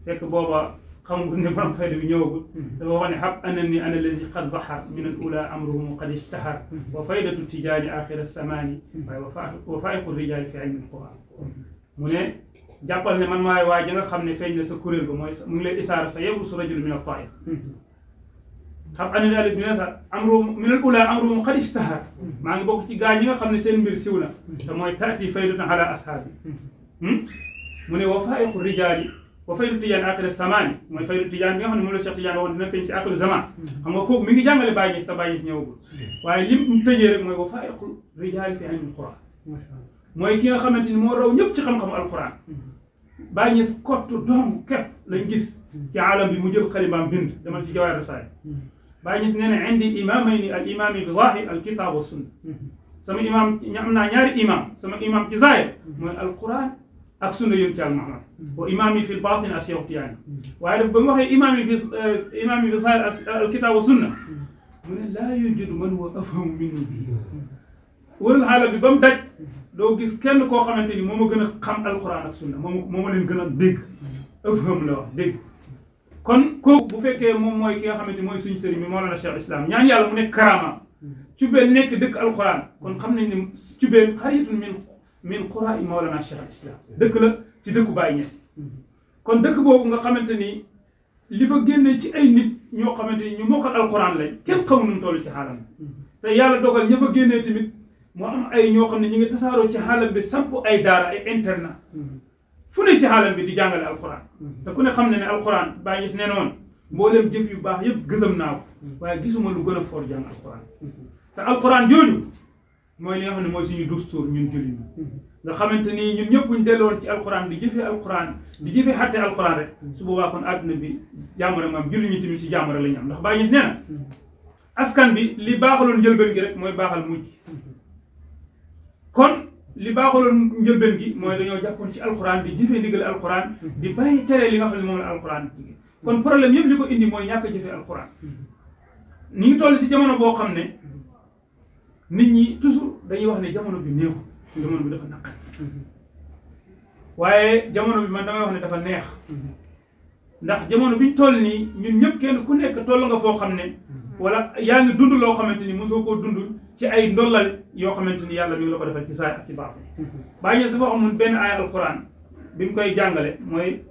fekk booba قوم بني فرم فيد بنيوغ وغني حب أنني أنا الذي قد ظهر من الأولى أمرهم وقد اشتهر وفائدة التجار آخر السمان وفائق الرجال في علم القرآن من جابل نمان ماي واجنا خمني فين لسه كورير بموي من الإسارة سيبو سرجل من الطائف حب أنا ذلك من هذا أمره من الأولى أمره قد اشتهر مع أن بوك تجاني خمن سين بيرسيونا ثم تأتي فائدة على أصحابي من وفائق الرجال وفي التجان آخر الزمان ما في التجان بيها هن مولس التجان بيها هن فينش آخر الزمان هم كوك ميجي جامع لباي جست باي جست نيوبو وعليم تجير ما يوفى يقول رجال في علم القرآن ما يكين خمسة مرة ونجب تكم كم القرآن باي جست كوت دوم كيف لينجس كعالم بموجب كلمة بند لما تيجوا الرسالة باي جست نحن عندي إمامين الإمام الظاهر الكتاب والسنة سمي إمام نعمنا نار إمام سمي إمام كزاير القرآن ak sunu yëm ci almahamad wa imaami fi lbatin asiyaw tiyaani waaye daf ba mu waxee imaami fi imaami fi sahir alkitab wa sunna mu ne laa yujudu man wa afhamu minhu bi wërul xaala bi ba mu daj doo gis kenn koo xamante ni moo ma gën a xam alquran ak sunna moo moo ma leen gën a dégg afham la wax dégg kon kooku bu fekkee moom mooy ki nga xamante mooy suñu sëriñ bi Mawlana Cheikh Islam ñaan yàlla mu nekk karaama cubee nekk dëkk alquran kon xam nañ ne cubee xaritun min من qura مولانا cheikh الاسلام دك لا تي دك باي Baye Niass kon dëkk nga xamanteni li fa génne ci ay nit ño xamanteni ñu moko alquran lay kenn xamu nu mu ci xaalam te yàlla dogal ñafa génné timit mo am ay ño xam ñi ñu ngi tasaaroo ci xaalam bi samp ay daara ay internet fu ne ci xaalam bi di jàngale alquran te ku ne xamne ni alquran ba gis né non woon mboolem jëf yu bax yëpp gësam na ko waye gisuma lu gëna for jàng alquran te alquran joju mooy li xam ne mooy suñu dustuur ñun jullit ñi mm-hmm. nga xamante ni ñun ñëpp buñ delloon ci alquran di jëfee alquran di jëfee xatte alquran rek mm-hmm. su boobaa kon àdduna bi jàmm rek mu am jullit si jàmm rek am ndax bàyyi nee na mm-hmm. askan bi li baaxaloon njëlbeen gi rek mooy baaxal mujj kon li baaxaloon njëlbeen gi mooy dañoo jàppoon ci alquran di jëfee ndigal alquran di bàyyi tere li nga xam ne moom la alquran kon problème yëpp li ko indi mooy ñàkk jëfee alquran ñu ngi toll si jamono boo xam ne nit ñi toujours dañuy wax ne jamono bi néew jamono bi dafa naqari waaye jamono bi man damay wax ne dafa neex ndax jamono biñ toll nii ñun ñëpp kenn ku nekk toll nga foo xam ne wala yaa ngi dund loo xamante ni mosoo koo dund ci ay ndollal yoo xamante ni yàlla mu ngi la ko defal ci saay ak ci baax bàyyi ñëw dafa amoon benn aaya alquran bi mu koy jàngale mooy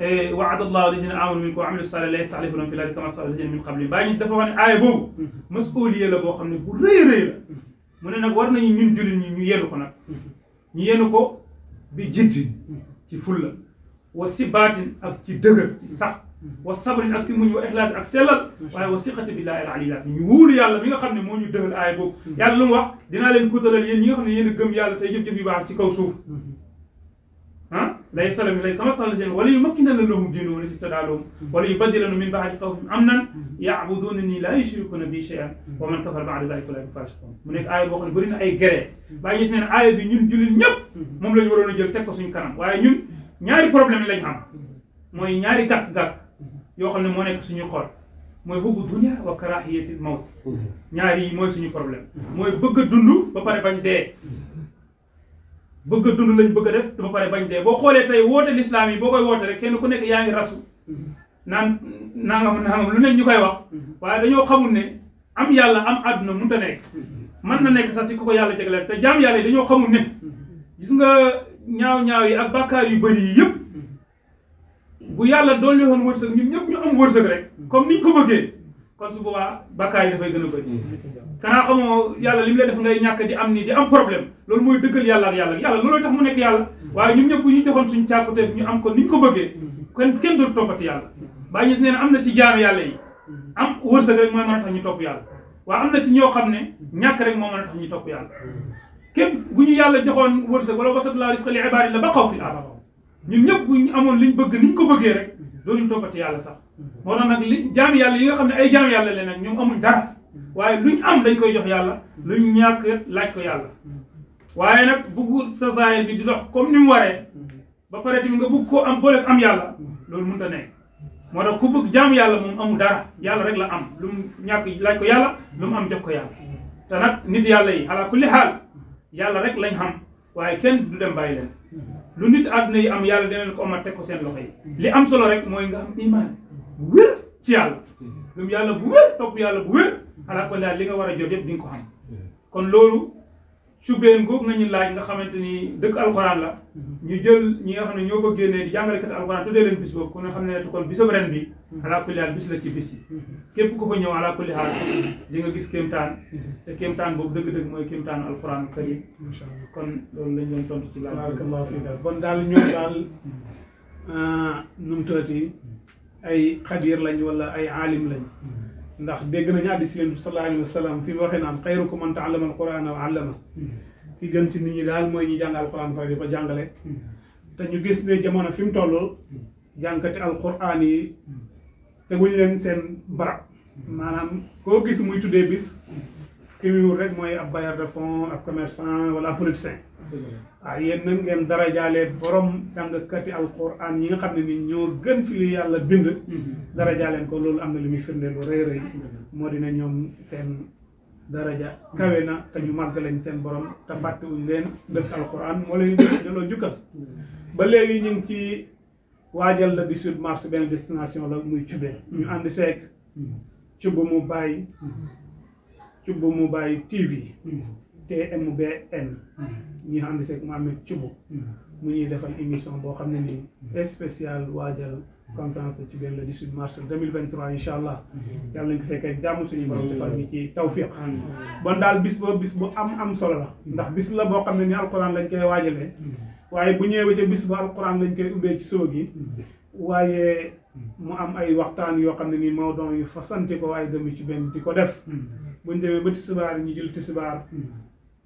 إيه، وعد الله الذين امنوا منكم وعملوا الصالحات لا يستعلفون في الارض كما استعلف الذين من قبل باي ني دافا واني اي بوب مسؤوليه لا بو خامني بو ري ري مون نك ورنا ني نين جولين ني ني يلو كو نك ني يلو كو بي جيت تي فولا وسبات اك تي دغر تي صح وصبر اك سي مون واخلاص اك سلال واي وثقه بالله العلي العظيم يقول يالا ميغا خامني مو ني دغل اي بوب يالا لوم واخ دينا لين كوتالال يين ميغا خامني يين گم يالا تاي جيب جيب يبار تي كاو سوف لا يسلم إليه كما صلى الله عليه وسلم لهم دينه ونستدعى لهم وليبدل من بعد قوم أمنا يعبدونني لا يشركون بي شيئا ومن كفر بعد ذلك لا يفاسقون من هيك آية بوخن برين آية جرى بعد يسمين آية بنيون جلين نب مم لن يورون جل تكو سين كرام وآية نيون نياري problem لن يهم موي نياري غاك غاك يوخن مونيك سيني قر موي بوغ دنيا وكراهية الموت نياري موي سيني problem موي بوغ دندو ببار بان دي bëgg dund lañ bëgg def te ba pare bañ dee boo xoolee tey woote lislaam yi boo koy woote rek kenn ku nekk yaa ngi rasu naan nangam nangam lu nekk ñu koy wax waaye dañoo xamul ne am yàlla am àdduna mënut a nekk man na nekk sax ci ko ko yàlla jagleel te jaam yàlla yi dañoo xamul ne gis nga ñaaw-ñaaw yi ak bàkkaar yu bari yi yëpp bu yàlla doon li woon wërsëg ñu ñëpp ñu am wërsëg rek comme niñ ko bëggee kon su boobaa bàkkaar yi dafay gën a bëri kanaa mm-hmm. yàlla li mu def ngay ñàkk di am nii di am problème loolu mooy dëggal yàlla ak yàlla yàlla looloo tax mu nekk yàlla waaye ñun ñëpp ñu joxoon suñu càkkuteef ñu am ko ni ñu ko bëggee kenn kenn dootu toppati yàlla bàyyi gis nee na am na si jaam yàlla am wërsëg rek mooy mën a ñu topp yàlla waaye am na si ñoo xam ne ñàkk rek moo mën ñu topp yàlla képp bu ñu yàlla joxoon wërsëg wala wasat laa risqa li la ba xaw fi ñëpp bu ñu amoon liñ bëgg niñ ko bëggee rek ñu toppati yàlla sax moo tax nag li jaam yàlla yi nga xam ne ay jaam yàlla leen nag ñoom amuñ dara waaye luñ am dañ koy jox yàlla luñ ñàkk laaj ko yàlla waaye nag bugg sa saayir bi di dox comme ni mu waree ba pare ti tamit nga bugg koo am booleeg am yàlla loolu mënut a nekk moo tax ku bëgg jaamu yàlla mu amul dara yàlla rek la am lu mu ñàkk laaj ko yàlla lu mu am jox ko yàlla te nag nit yàlla yi ala kulli yàlla rek lañ xam waaye kenn du dem bàyyi leen lu nit yi am yàlla dina ko amal teg ko seen loxo yi li am solo rek mooy nga am bu wér ci yàlla yàlla bu wér topp yàlla bu wér ala kulli xaal li nga war a jot yëpp di ko am kon loolu subbeen googu nga laaj nga xamante ni dëkk alxuraan la mhm. ñu jël ñi nga xam ne ñoo ko génnee di jàngalekat alxuraan tuddee leen bis boobu ku nga xam ne kon bisab bi mhm. ala kulli haal mhm. képp ku fa ñëw ala kulli haal di nga gis kéemtaan te kéemtaan boobu dëgg-dëgg mooy kéemtaan alxuraan karim kon loolu lañ doon tontu ci laaj barakallahu fiik kon daal ñoom daal ah, nu mu tuddati ay xadir lañ wala ay aalim lañ ndax dégg nañu hadiis yonent bi sallallahu alayhi wa sallam fi mu waxee naan xayrukum man ta'allama al-qur'ana wa 'allama ki gën si nit ñi daal mooy ñi jàng alquran pare di ko jàngale te ñu gis ne jamono fi mu toll jàngkati alquran yi teguñu leen seen barab maanaam koo gis muy tuddee bis ki muy wut rek mooy ab bailleur de fonds ab commerçant wala politicien waaw ah, yéen nan ngeen darajaalee borom jàngkati alquran ñi nga xam ne ni ñoo gën si li yàlla bind mm-hmm. leen ko loolu am na lu muy firnde lu rëy rëy mm-hmm. moo dina ñoom seen daraja kawe na te ñu màgg mm-hmm. leen seen boroom te fàttewuñ leen dëkk alquran moo leen delloo jukkal ba léegi ñu ngi ci waajal la 18 mars benn destination la muy cubee ñu ànd seek cubb mu bàyyi cubb mu bàyyi TV te ñi nga xam ne seeg Mohamed Thioub mu ñuy defal émission boo xam ne nii spécial waajal conférence de Diourbel le 18 mars 2023 incha allah yàlla nañ ko fekkee jàmm suñu borom defal ñu ci tawfiq bon daal bis ba bis bu am am solo la ndax bis la boo xam ne ni alquran lañ koy waajalee waaye bu ñëwee ca bis ba alquran lañ koy ubbee ci soo gi waaye mu am ay waxtaan yoo xam ne nii Maodo yu fasante ko waaye demu ci benn di ko def buñ demee ba tisbaar ñu jël tisbaar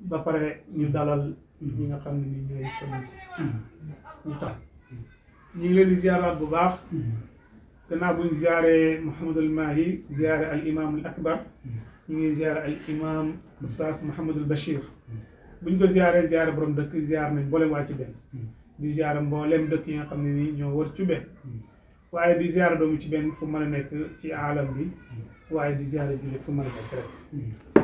ba pare ñu dalal ñi nga xam ne ni ñooy soññ si ñu tax ñu ngi leen di ziaraat bu baax gannaaw buñ ziare Mouhamadul Mahi ziare al imam al akbar ñu ngi ziare al imam oustaz Mouhamadul Bachir buñ ko ziare ziare borom dëkk ziar nañ mboolem waa ci benn di ziare mboolem dëkk yi nga xam ne nii ñoo wër ci benn waaye di ziare doomu ci benn fu mën a nekk ci aalam bi waaye di ziare jullit fu mën a nekk rek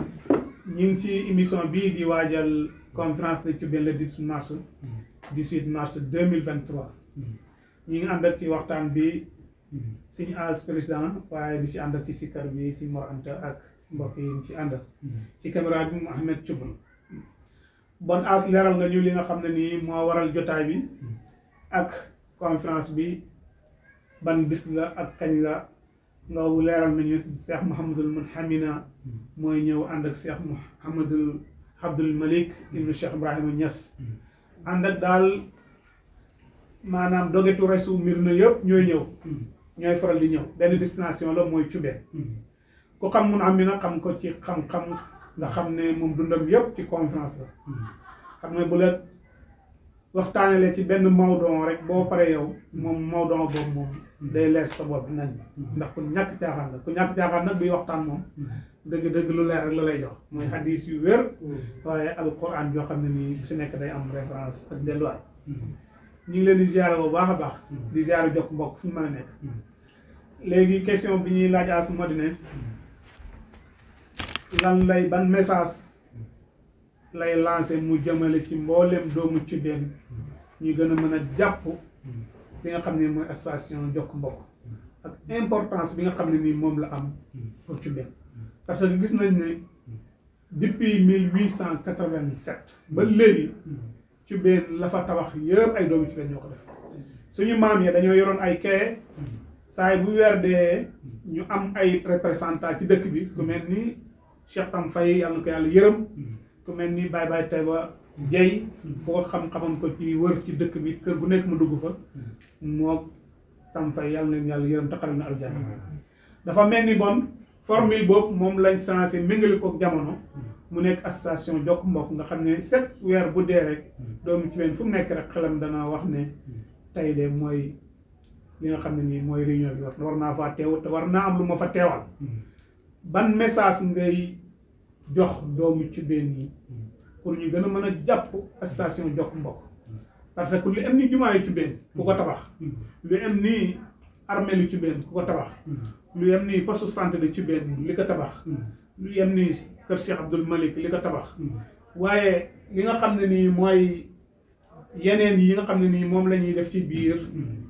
ñu ngi ci émission bi di waajal conférence de Diourbel le 18 mars 18 mars 2023 ñu ngi ànd ci waxtaan bi suñu as président waaye bi ci ànd ci sikkar bi si Mor Anta ak mbokk ci àndal ci caméra bi Mouhamed Thioub bon as leeral nga ñu li nga xam ne nii moo waral jotaay bi ak conférence bi ban bis la ak kañ la loolu leeral nañu Cheikh Mouhamadul Munhamina mooy ñëw ànd ak Cheikh Mouhamadul Abdul Malik ibnu Cheikh Ibrahima ñas ànd ak daal maanaam dogetu resu mbir na yëpp ñooy ñëw ñooy faral di ñëw benn destination la mooy Cubeen ku xam mun am mi nag xam ko ci xam-xam nga xam ne moom dundam yépp ci conférence la xam ne bu la waxtaanelee ci benn mawdon rek boo pare yow moom mawdon boobu moom day lees sa bopp nañ mm-hmm. ndax ku ñàkk caaxaan la ku ñàkk caaxaan nag buy waxtaan moom mm-hmm. dëgg-dëgg lu leer rek la jox muy hadis mm-hmm. yu wér waaye alquran yoo xam ne nii si nekk day am référence ak delluwaay ñu ngi leen di ziare bu baax a baax di ziare jokk mbokk fu ñu mën a nekk léegi question bi ñuy laaj as moo di ne lan lay ban message lay lancé mu jëmale ci mboolem doomu ci benn ñu gën a mën a jàpp bi nga xam ne mooy association jokk mbokk ak importance bi nga xam ne nii moom la am pour Diourbel parce que gis nañ ne depuis mille huit cent quatre vingt sept ba léegi Diourbel la fa tabax yëpp ay doomu Diourbel ñoo ko def suñu maam yi dañoo yoroon ay kaye saay bu weer dee ñu am ay représentant ci dëkk bi ku mel ni Cheikh Tam Faye yàlla na ko ku mel ni Baye Baye Taïba jey foo xam-xamam ko ci wër ci dëkk bi kër bu nekk mu dugg fa moo tam fay yàlla neen yàlla yërëm taxal na aljana dafa mel ni bon formule boobu moom lañ sensé méngale ko jamono mu nekk association jokk mbokk nga xam ne sept weer bu dee rek doomu ci benn fu mu nekk rek xelam dana wax ne tey de mooy li nga xam ne nii mooy réunion bi wax war naa faa teew te war naa am lu ma fa teewal ban message ngay jox doomu ci benn yi pour ñu gën a mën a jàpp station jokk mbokk parce que lu am ni jumaa yi ci benn ku ko tabax lu em ni armeel yi ci benn ku ko tabax lu em ni poste santé la ci benn li ko tabax lu em ni kër Cheikh Abdoul Malik li ko tabax waaye li nga xam ne nii mooy yeneen yi nga xam ne nii moom lañuy def ci biir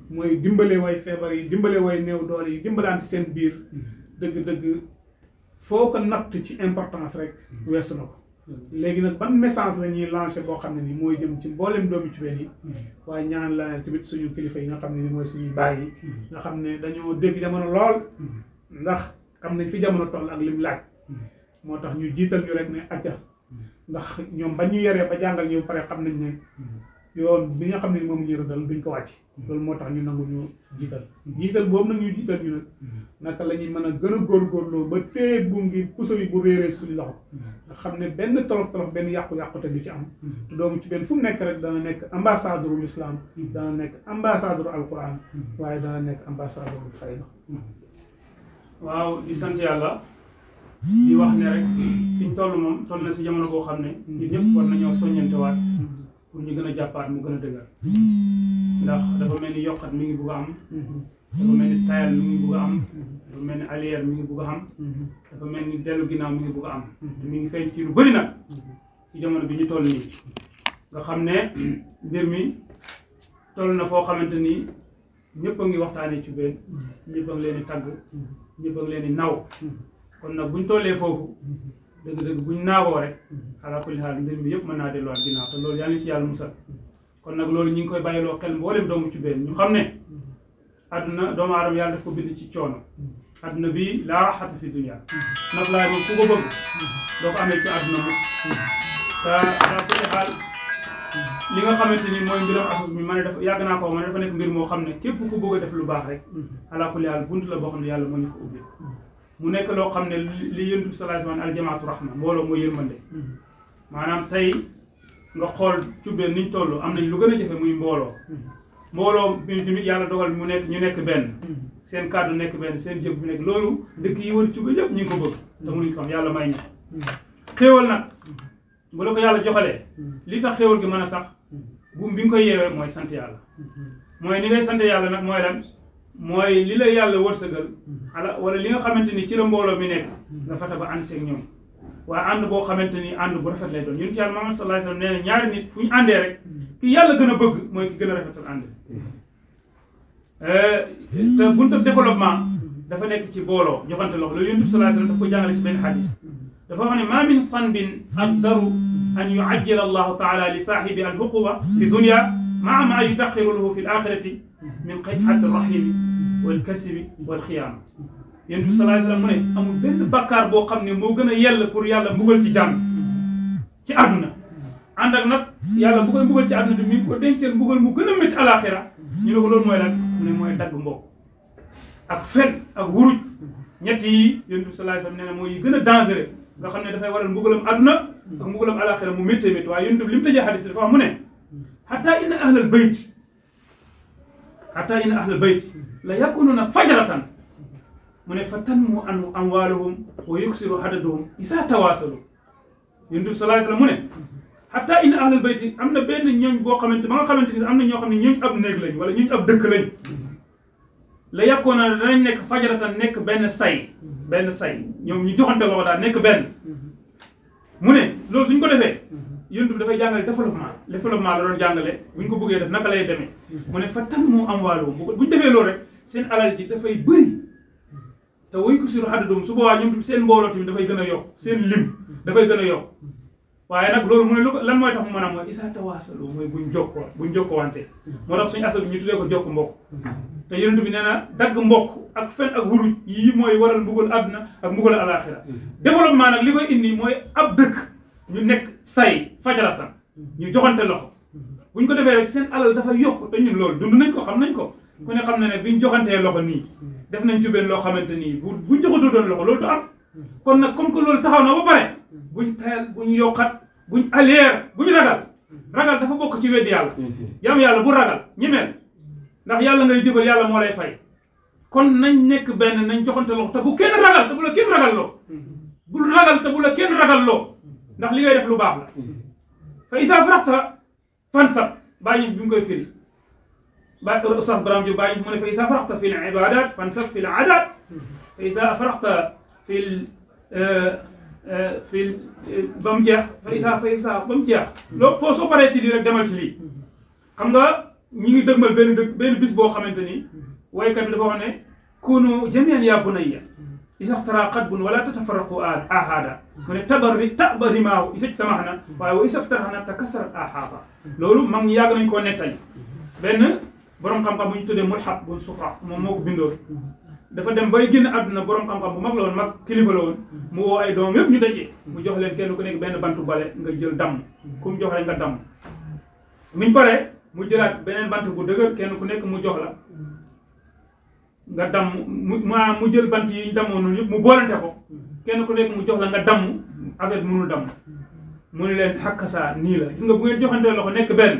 mooy dimbale way feebar yi dimbale way néew doole yi dimbalante seen biir dëgg-dëgg foo ko natt ci importance rek weesu na ko léegi nag ban message la ñuy lancé boo xam ne ni mooy jëm ci mboolem doomi Cubéen yi mm-hmm. waaye ñaan la tamit suñu kilifa yi nga xam ne ni mooy suñuy bàyyi yi mm-hmm. nga xam ne dañoo dégg jamono lool mm-hmm. ndax xam nañ fi jamono toll ak lim laaj moo tax ñu jiital ñu rek ne acca ndax ñoom ba ñu yaree ba jàngal ñu pare xam nañ ne yoon bi nga xam ne moom ñu rëddal duñ ko wàcc loolu moo tax ñu nangu ñu jiital jiital boobu nag ñu jiital ñu nag naka la ñuy mën a gën a góorgóorloo ba téye bu ngi puso yi bu réeree suñu loxo nga xam ne benn tolof tolof benn yàqu-yàqu du ci am te doomu ci benn fu mu nekk rek dana nekk ambassadeur ul islam dana nekk ambassadeur alquran waaye dana nekk ambassadeur ul fayda waaw di sant yàlla di wax ne rek fiñ toll moom toll na si jamono boo xam ne ñun ñëpp war nañoo soññante pour ñu gën a jàppaat mu gën a dëgër hmm. ndax dafa mel ni yokkat mi ngi bugg a am hmm. dafa mel ni tayal mi ngi bugg am hmm. dafa mel ni dellu ginnaaw mi ngi bugg am te mi ngi feeñ ci lu bëri nag ci jamono bi ñu toll nii nga xam ne mbir mi toll na foo xamante ni ñëpp a ngi waxtaanee ci benn ngi leen di tagg ñëpp ngi leen di naw kon nag buñ tollee foofu dëgg-dëgg buñ naawoo rek ala kulli xaal mbir mi yëpp mën naa delluwaat ginnaaw te loolu yàlla na ci yàlla musal kon nag loolu ñu ngi koy bàyyiloo xel mboolem doomu ci benn ñu xam ne àdduna doomu aadama yàlla daf ko bind ci coono àdduna bi laa raxata fi dunia naf li nga xamante ne dafa yàgg naa ko ma dafa nekk mbir moo xam ne képp ku bëgg a def lu baax rek ala kulli xaal bunt la boo xam yàlla moo ñu ko ubbi mu nekk loo xam ne li yëndu bi sallallahu alayhi wa sallam aljamaatu rahma mbooloo mooy yërmande mm-hmm. maanaam tey nga xool cubbeen niñ toll am nañ lu gën a jafe muy mbooloo mm-hmm. mbooloo yàlla dogal mu nekk ñu nekk benn mm-hmm. seen kàddu nekk benn seen jëf bi nekk loolu dëkk yi wër cubbe yëpp ñu ngi ko bëgg te mënuñ ko am yàlla may ñi xéewal nag bu la ko yàlla joxalee li tax xéewal gi mën a sax buum bi nga koy yeewee mooy sant yàlla mooy ni ngay sant yàlla nag mooy lan moy li la yàlla wërsëgal ala wala li nga xamanteni ci la mbolo mi nekk nga fexe ba ànd ak ñoom wa ànd bo xamanteni ni ànd bu rafet lay doon yonent yàlla Muhammad sallallahu alayhi wasallam neena nee ñaari nit fu andé rek ki yàlla gëna bëgg moy ki gëna a andé euh te buntu développement dafa nek ci bolo joxante lox loolu yonent sallallahu alayhi wasallam sallam ko jàngale si benn xadis dafa wax ne ma min sanbin aqdaru an yu'ajjal allah taala li sahibi al huquba fi dunya ma ma yutaqiruhu fi al-akhirati من قيد حتى الرحيم والكسب والخيانة ينتو صلى الله عليه وسلم مني أم بنت بكار بو قمن موغن يل كور يالا مغل تي جان تي أدنى عندك نك يالا مغل مغل تي أدنى دمي كور دين تير مغل مغل ميت على آخرة ينو غلول موي لك مني موي دق مبو أك فن أك ورج نيتي ينتو صلى الله عليه وسلم نينا موي غنى دانزري nga xamne da fay waral mbugulam aduna ak mbugulam alakhirah mu metti met way yunus lim tejé hadith dafa mu ne hatta inna ahlal bayt hatta inna ahlal bayt la yakununa fajratan mu ne fa tanmu an amwaluhum wa yuksiru hadaduhum isa tawasalu yonent bi sallallahu alayhi wa sallam mu ne hatta inna ahlal bayt am na benn ñooñ boo xamante ba nga xamante ni am na ñoo xam ne ñooñ ab néeg lañ wala ñooñ ab dëkk lañ la yàkkoona danañ nekk fajaratan nekk benn say benn say ñoom ñu joxante loxo daal nekk benn mu ne loolu suñ ko defee yonent bi dafay jàngale développement développement la doon jàngale bu ñu ko bëggee def naka lay demee mu ne fa tam moo am waaloo bu ñu defee loolu rek seen alal ji dafay bëri te wuy ko sur adadum su boobaa ñoom seen mbooloot tamit dafay gën a yokk seen lim dafay gën a yokk waaye nag loolu mu ne lu ko lan mooy tax mu mën a mooy isaa tawaasaloo mooy buñ jokkoo buñ jokkowante moo tax suñu asal bi ñu tuddee ko jokk mbokk te yonent bi nee na dagg mbokk ak fen ak wuruj yi mooy waral mbugal àdduna ak mbugal alaxira mm-hmm. développement nag li indi mooy ab dëkk ñu nekk say fajaratan ñu joxante loxo bu ñu ko defee rek seen alal dafa yokk te ñun loolu dund nañ ko xam nañ ko ku ne xam na ne bi ñu joxantee loxo nii def nañ ci loo xamante nii bu buñ joxatoo doon loxo loolu du am kon nag comme que loolu taxaw na ba pare buñ tayal buñ yokkat buñ aleer buñ ragal ragal dafa bokk ci weddi yàlla yam yàlla bu ragal ñemeel ndax yàlla ngay jëfal yàlla moo lay fay kon nañ nekk benn nañ joxante loxo te bu kenn ragal te bu la kenn ragal loo bul ragal te bu la kenn ragal loo ndax li ngay def lu baax la fa isa farata fan sa bàyyi bi mu koy ba ko ustaz bram Diop bàyyi mo ne fa isa farata fi l ibadat fansab fi l adat fa isa farata fi l fi ba mu jeex fa isa fa isa ba mu jeex loolu foo soo paree ci lii rek demal ci li xam nga ñi ngi deugmal ben ben bis bo xamanteni way waykat dafa wone kunu jamian ya bunayya isa taraqat bun wala tatafarraqu ahada kone tabarri tabari maaw isa tamahna way wo isa ftarahna takasar ahaba loolu mag ñi yàgg nañ ko nettali ben borom xam-xam bu tudde tuddee bu sufra mo moo bindo dafa dem bay genn aduna borom xam-xam bu mag la mak mag kilifa la woon mu wo ay dom yeb ñu dajje mu jox leen kenn ku nek ben bantu bale nga jël dam ku mu jox rek nga dam mu jëlat benen bantu bu dëgër kenn ku nek mu jox la nga damm mu maa mu jël bant yi ñu dammoon noonu mu boolante ko mm-hmm. kenn ku nekk mu jox la nga damm mm-hmm. affaire mënul damm mm-hmm. mu ne leen xàkk saa nii la gis nga bu ngeen la ko nekk benn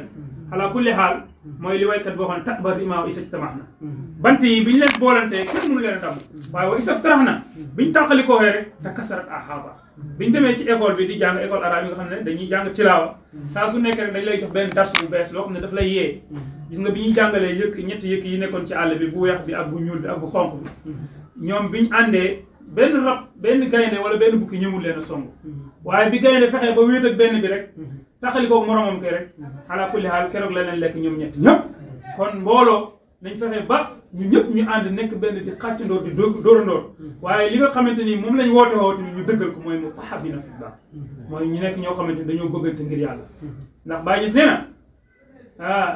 xalaa kulli xaal Mhm. mooy li waykat boo xam ne takbar imaa wa isab tamax na mhm. bant yi bi ñu leen boolantee kenn mënu leen a damm mhm. waaye wa isab tarax na bi ñu tànqali ko xee rek a kasarat axaaba bi ñu demee ci école bi di jàng école arabe yi nga xam ne dañuy jàng tilaawa saa su nekk rek dañ lay jox benn dars bu bees loo xam ne daf lay yee gis nga bi ñuy jàngalee yëkk ñetti yëkk yi nekkoon ci àll bi bu weex bi ak bu ñuul bi ak bu xonq bi ñoom bi ñu àndee benn rab benn gaynde wala benn bukki ñëmul leen a song waaye bi gaynde fexee ba wéet ak bi rek taxali ko moromam kay rek ala kulli xaal keroog la leen lekk ñoom ñett ñëpp kon mbooloo nañ fexe ba ñu ñëpp ñu ànd nekk benn di xàccandoor di dóorandoor waaye li nga xamante ni moom lañ woote woote ñu dëggal ko mooy mu faxab na fi baax mooy ñu nekk ñoo xamante ni dañoo bëggante ngir yàlla ndax Baay Ñas nee na ah,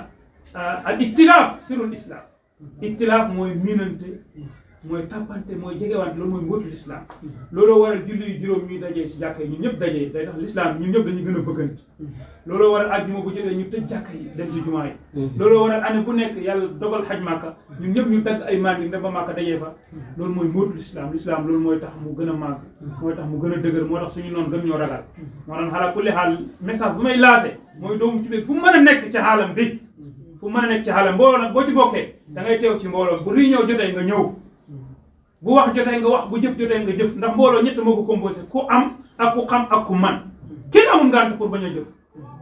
ah, al ictilaaf sirul islam ictilaaf mooy miinante mooy tàppante mooy jegewante loolu mooy mbootu lislaam mhm. looloo waral julli juróom ñuy dajee si jàkka yi ñu ñëpp dajee day tax lislaam ñun ñëpp dañuy gën a bëggante mhm. looloo waral àjjuma bu jotee ñu tëj jàkka yi dem si jumaa yi mhm. looloo waral année bu nekk yàlla dogal xaj màkka ñun ñëpp ñu dagg ay maan yi dem ba màkka dajee fa loolu mooy mbootu lislaam lislaam loolu mooy tax mu gën a màgg mooy tax mu gën a dëgër moo tax suñu noonu gën ñoo ragal moo doon xalaat ku li xaal bu may laasé mooy doomu ci fu mën a nekk ci xaalam bi fu mën a nekk ci xaalam boo nag boo ci bokkee da ngay teew ci mbooloo bu rii ñëw jotee nga ñëw bu wax jotee nga wax bu jëf jotee nga jëf ndax mbooloo ñett moo ko composé ku am ak ku xam ak ku man kenn amul ngànt pour bañ a jëf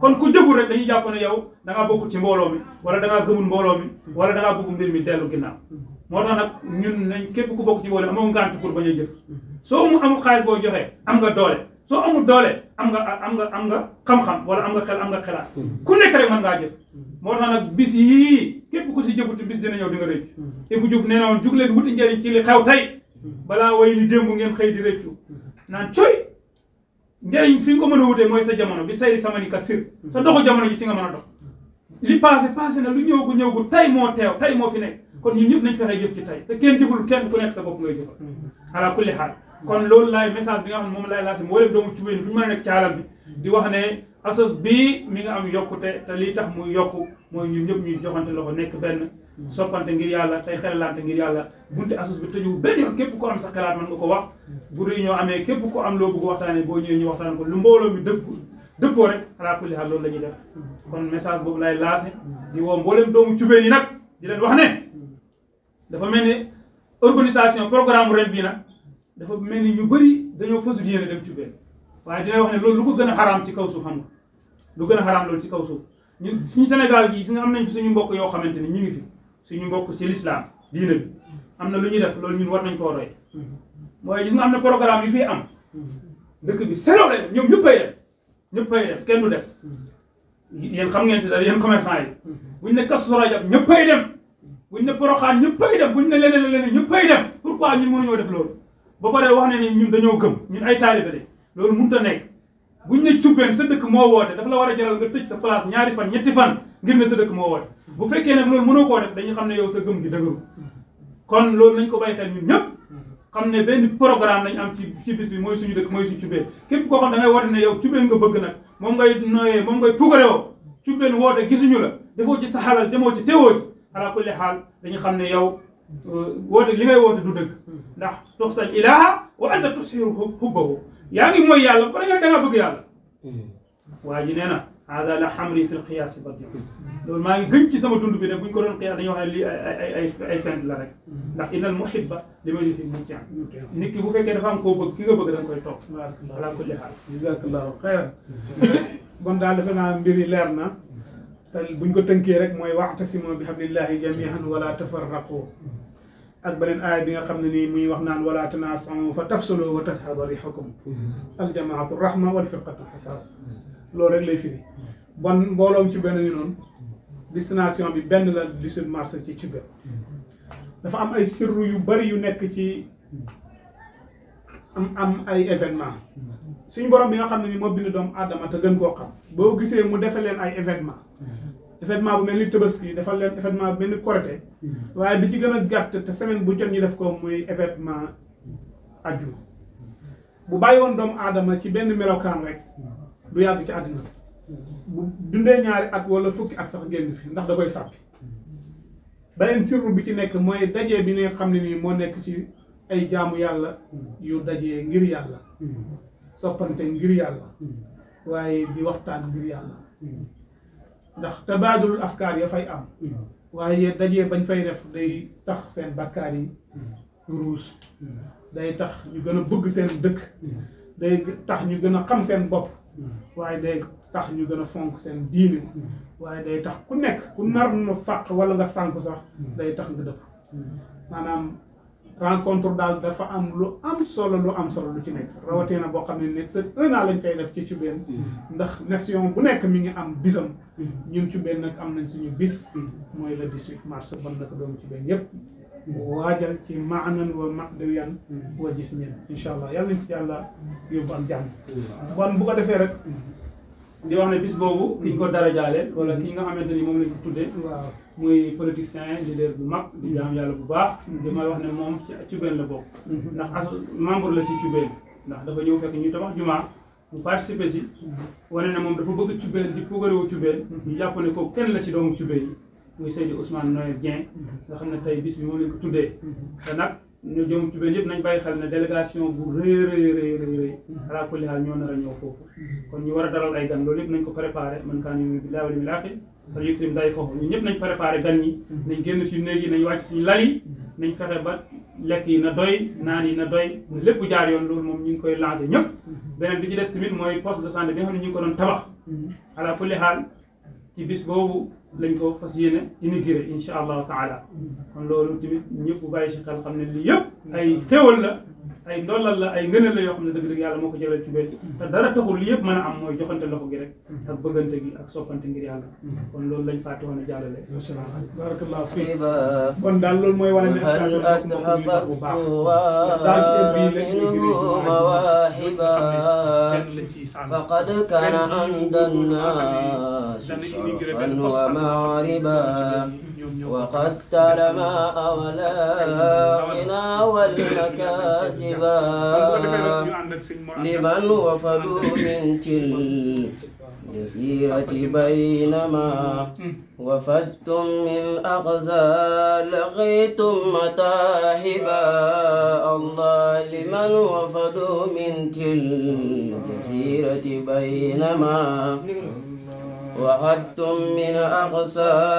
kon ku jëful rek dañuy jàpp ne yow da ngaa ci mbooloo mi wala da ngaa gëmul mbooloo mi wala da ngaa bëgg mbir mi dellu ginnaaw moo tax nag ñun nañ képp ku bokk ci mbooloo amoo ngànt pour ba a jëf soo mu amul xaalis boo joxee am ga doole soo amul doole am nga am nga am nga xam-xam wala am nga xel am nga xelaat hmm. ku nekk rek mën ngaa jëf moo tax nag bis yii képp ku si jëfuti bis dina ñëw di nga rëccu Ibou hmm. Diouf nee na woon jug leen wuti njëriñ ci li xew tey hmm. balaa way li démb ngeen xëy di rëccu naan coy njëriñ fi nga mën a wutee mooy sa jamono bi sayri sama ni ka sir sa doxu jamono ji si nga mën a dox li passé passé na lu ñëw gu ñëw gu tay moo teew tey moo fi nekk kon ñun ñëpp nañ fexe jëf ci tey te kenn jëful kenn ku nekk sa bopp ngay kon loolu laay message bi nga xam ne moom laay lancé mboolem doomu ci wéen fu ñu wax ne asos mi nga am yokkute te lii tax muy yokku mooy ñun ñëpp ñuy joxante nekk benn soppante ngir yàlla tey xelalante ngir yàlla bunte asos bi tëjuwu benn képp ko am sa xalaat ko wax bu réunion amee képp ko am loo bëgg waxtaane boo ñëwee ñu waxtaan ko lu mbooloo mi dëpp dëppoo rek alaa kulli haal loolu def kon message boobu lay lancé di woo mboolem doomu cubeen yi nag di leen wax ne dafa mel ne organisation programme ren bii na dafa mel ni ñu bëri dañoo fasul yéene dem ci benn waaye dina wax ne loolu lu ko gën a xaraam ci kaw suuf xam nga lu gën a xaraam loolu ci kaw suuf ñun suñu Sénégal gi si nga am nañ suñu mbokk yoo xamante ne ñu ngi fi suñu mbokk ci lislaam diina bi am na lu ñuy def loolu ñu war nañ koo roy mooy gis nga am na programme yu fi am dëkk bi seetloo la ñoom ñëppay def ñëppay def kenn du des yéen xam ngeen si dara yéen commerçant yi buñ ne kasu sora jab ñëppay dem buñ ne poroxaan ñëppay dem buñ ne leneen leneen ñëppay dem pourquoi ñun mënuñoo def loolu boo ba pare wax ne ni ñun dañoo gëm ñun ay taalibe de loolu mënut a nekk buñ ne cubbeen sa dëkk moo woote dafa la war a jaral nga tëj sa place ñaari fan ñetti fan sa dëkk moo woote bu fekkee nag loolu mënoo koo def dañu xam ne yow sa gëm gi dëgëru kon loolu nañ ko bàyyi xel ñun xam ne benn programme lañ am ci ci bis bi mooy suñu dëkk mooy suñu cubbeen képp ko xam da ngay woote ne yow cubbeen nga bëgg nag moom ngay nooyee moom ngay pugare woo cubbeen woote gisuñu la defoo ci sa xalal demoo ci teewoo ci ala kulli xaal dañu xam ne yow woote li ngay woote du dëgg ndax tuxsal ilaha wa anta tusxiru xubbahu yaa ngi mooy yàlla ba nga da nga bëgg yàlla waa ji nee na hada la xamri fi lqiyaasi badi loolu maa ngi gën ci sama dund bi ne buñ ko doon xiyaas dañuy wax ne lii ay ay ay fent la rek ndax inna al muhibba li ma fi mucc nit ki bu fekkee dafa am koo bëgg ki nga bëgg da nga koy toog ala kulli xaal jazakallahu xayran bon daal defe naa mbir yi leer na te buñ ko tënkee rek mooy waxtasimu bi hablillahi jamihan wala tafarraqu ak beneen aaya bi nga xam ne nii muy wax naan wala tanaasamu fa tafsulu wa tashaba rixukum aljamaatu rahma wal firqatu xisab loolu rek lay firi bon mbooloom ci benn ñu noonu destination bi benn la di sud mars ci ci dafa am ay sirru yu bari yu nekk ci am am ay événement suñu borom bi nga xam ne ni moo bind doomu aadama te gën koo xam boo gisee mu defe leen ay événement événement bu mel ni tabaski dafa leen événement bu mel ni korite mm-hmm. waaye bi ci gën a gàtt te semaine bu jot ñu def ko muy événement aju bu bàyyi woon doomu aadama ci benn melokaan rek du yàgg ci àddina bu dundee ñaari at wala fukki at sax génn fii ndax da koy sàppi beneen sirru bi ci nekk mooy dajee bi nga xam ne nii moo nekk ci ay jaamu yàlla yu dajee ngir yàlla mm-hmm. soppante ngir yàlla mm-hmm. waaye di waxtaan ngir yàlla ndax tabaadulul afkaar ya fay am waaye dajee bañ fay def day tax seen bakkaar yi ruus day tax ñu gën a bëgg seen dëkk day tax ñu gën a xam seen bopp waaye day tax ñu gën a fonk seen diine waaye day tax ku nekk ku nar na fàq wala nga sànku sax day tax nga dëpp maanaam rencontre daal dafa am lu am solo lu am solo lu ci nekk na boo xam ne ne c'est un an lañ koy def ci Cubeen ndax nation bu nekk mi ngi am bisam ñun Cubeen nag am nañ suñu bis mooy le 18 mars ban na ko doomu Cubeen yépp waajal ci maanan wa ma'nawiyan wa jismin incha allah yàlla na ci yàlla yóbbu am jàmm bu ko defee rek di wax ne bis boobu ki ko dara jaale wala ki nga xamante ni moom lañ ko tuddee waaw muy politicien leader bu mag di jaam yàlla bu baax mm-hmm. di may wax ne moom ci a cubeen la bokk mm-hmm. ndax as membre la ci cubeen ndax dafa ñëw fekk ñu tabax jumaa mu participer si mm-hmm. wane na moom dafa bëgg cubeen di puugarewu cubeen ñu jàpp ne ko kenn la ci doomu cubeen yi muy Seydou Ousmane Noël Dieng nga xam ne tey bis bi moom lañ ko tuddee ñu jëm ci yëpp nañ bàyyi xel ne délégation bu rëy rëy rëy rëy rëy alaa kulli haal ñoo nar foofu kon ñu war a dalal ay gan loolu nañ ko préparé man wala yukrim day foofu ñu ñëpp nañ préparé gan ñi mm-hmm. nañ génn suñu néeg yi nañ wàcc suñu lal yi mm-hmm. nañ fexe ba lekk yi na doy naan yi na doy lépp jaar yoon loolu moom ñu ngi koy lancé ñëpp mm-hmm. beneen bi ci des tamit mooy poste de santé bi nga xam ne ñu ngi ko doon tabax ala kulli xaal ci bis boobu lañ ko fas yéene inauguré insha allahu taala kon loolu tamit ñëpp bàyyi si xel xam ne lii ay xéwal la ay ndollal la ay ngëneel la yoo xam ne dëgg-dëgg yàlla moo ko jëlal ci benn te dara taxul li yëpp mën a am mooy joxante loxo gi rek ak bëggante gi ak soppante ngir yàlla kon loolu lañ fàtte woon a jàllale barakallahu fii kon daal loolu mooy wane ne bu baax daal ci bi lañ kenn la ciy sànni faqad kana andan nas sarfan wa maariba وقتل ما أولاءنا والمكاسبا لمن وفدوا من تل الجزيرة بينما وفدتم من أغزى لقيتم متاهبا الله لمن وفدوا من تل الجزيرة بينما وعدتم من أقصى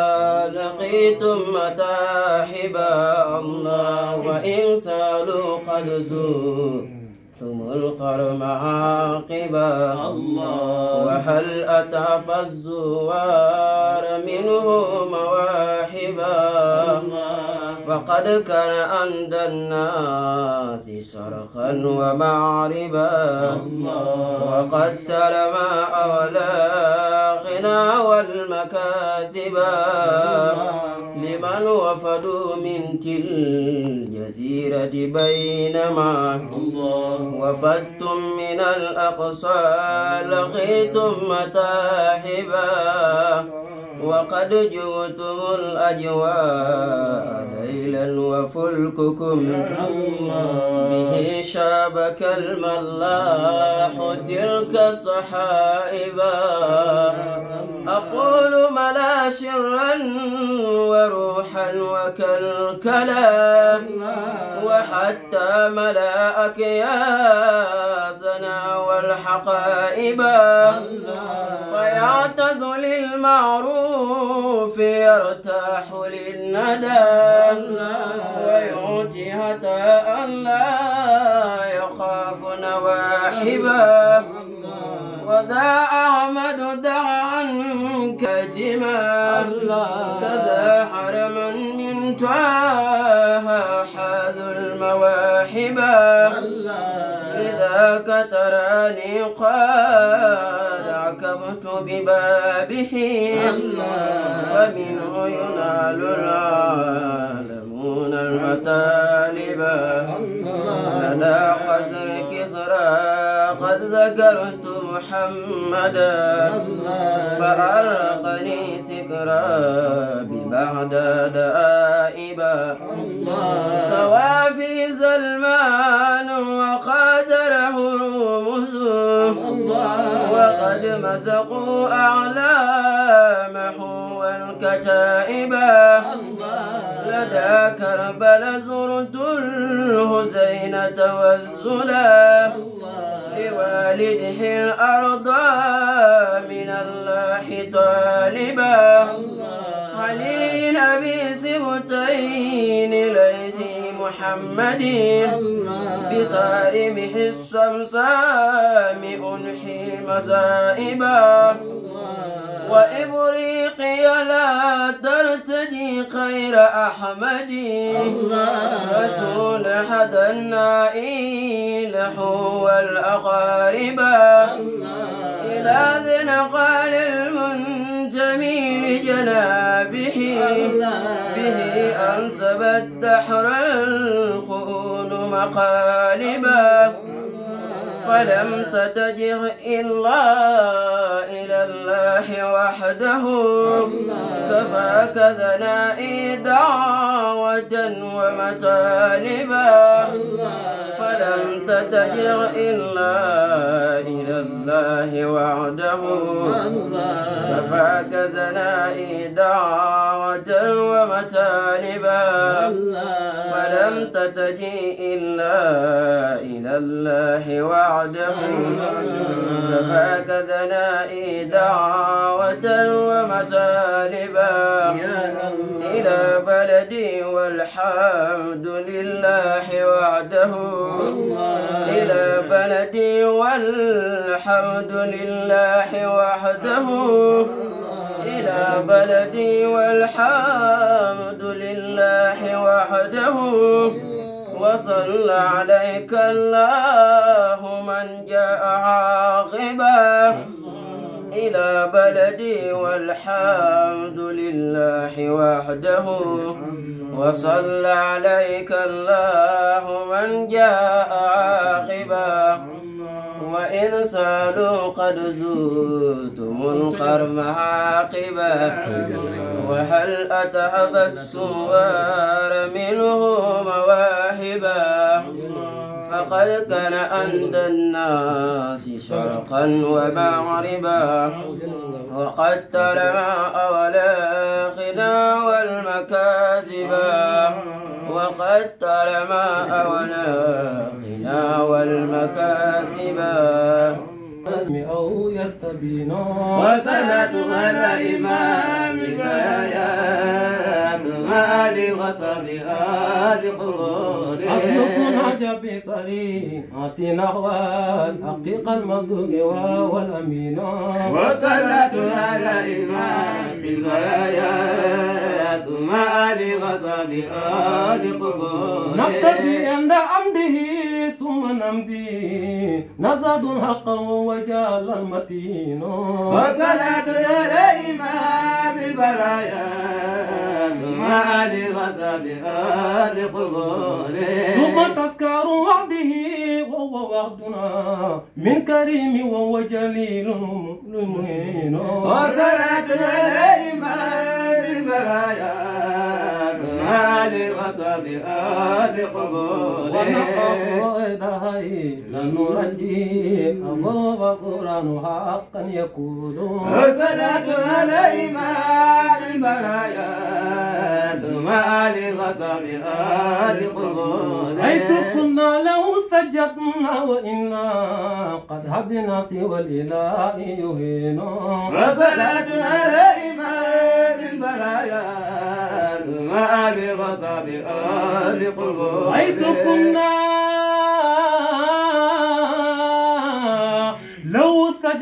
لقيتم متاحبا الله وإن سالوا قد زرتم القرم عاقبا الله وهل أتعب الزوار منه مواحبا الله فقد كان عند الناس شرخا ومعربا تل ما أولى غنى والمكاسبا لمن وفدوا من تلك الجزيرة بينما وفدتم من الأقصى لقيتم متاحبا وقد جوتم الأجواء ليلا وفلككم به شابك الملاح تلك صحائبا أقول ملا شرا الكلام وحتى ملا أكياسنا والحقائب فيعتز للمعروف يرتاح للندى ويعطي هتاء لا يخاف نواحبا وذا أحمد دعا كجما كذا حرما مصفاها حاذ المواهب لذاك تراني قال عكبت ببابه فمنه ينال العالم يبغون المطالب لنا قصر كسرى قد ذكرت محمدا فأرقني سكرى ببغداد آئبا سوى في سلمان وقادره مذ وقد مسقوا أعلامه الكتائبا لدى كربل زرت الهزينة والزلا لوالده الأرض من الله طالبا علي أبي سبتين ليس محمد بصارمه السمسام أنحي مزائبا وإبريقي لا ترتدي خير أحمد رسول هدى النائل هو الأقارب إلى ذن قال المنجميل جنابه به أنصب الدحر القول مقالبا فلم تتجه إلا وحده كفاك ذنائي دعوة ومطالبا لم تتجر إلا إلى الله وعده كفاك زنائي دعوة ومتالبا فلم تتجي إلا إلى الله وعده كفاك زنائي دعوة ومتالبا والحمد لله الله إلى بلدي والحمد لله وحده إلى بلدي والحمد لله وحده وصل عليك الله من جاء عاقبا إلى بلدي والحمد لله وحده وصل عليك الله من جاء عاقبا وإن سالوا قد زودتم القرم عاقبا وهل أتهب السوار منه مواهبا فقد كان عند الناس شرقا ومغربا وقد أولا والآخنا والمكاذبا وقد أولا والآخنا والمكاذبا أو يستبين وصلاة على إمام بيان مالي وصبي آل قرون أصلك عجب صريعة نحو الحقيقة المظلوم والأمين وصلاة على إمام بيان ثلاث مآل غصب آل قبول نقتدي عند عمده ثم نمدي نزاد حقا وجال المتين وصلاة على إمام البرايا مآل غصب آل قبول ثم تذكر وعده وهو وعدنا من كريم وهو جليل المهين وصلاة على إمام المرايا مالي وصبي آل قبولي ونقف إلى النور الجيم أبوب القرآن حقا يقول الصلاة على إمام المرايا مالي وصبي أهل قبولي حيث كنا له سجدنا وإنا قد هدنا سوى الإله يهينا وصلاة على إمام من برايا المآل وصابئ لقلوب حيث كنا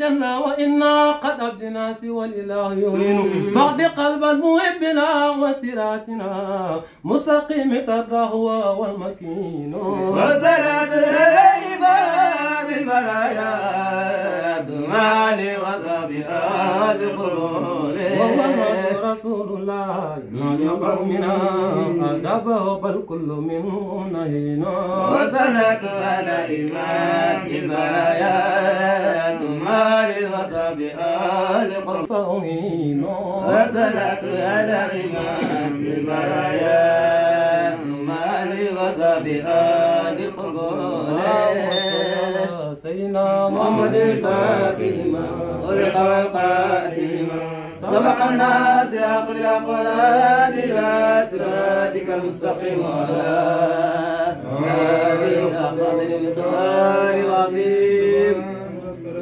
جنة وإنا قد عبدنا سوى الإله يهين بعد قلب المحب لا وسراتنا مستقيم تراه والمكين وسرات الهيبة بالبرايا دماني وصبيها القرون رسول الله من قومنا أدبه بل كل منه نهينا وسرات على إيمان بالبرايا دماني البالغة بآل قرب فوهين وطلعت على الإمام بالمرايا بالغة بآل قرب سينا محمد الفاتمة غرق القاتمة سبقنا سياق الأقلال إلى صراطك المستقيم على هذه الأقدار العظيم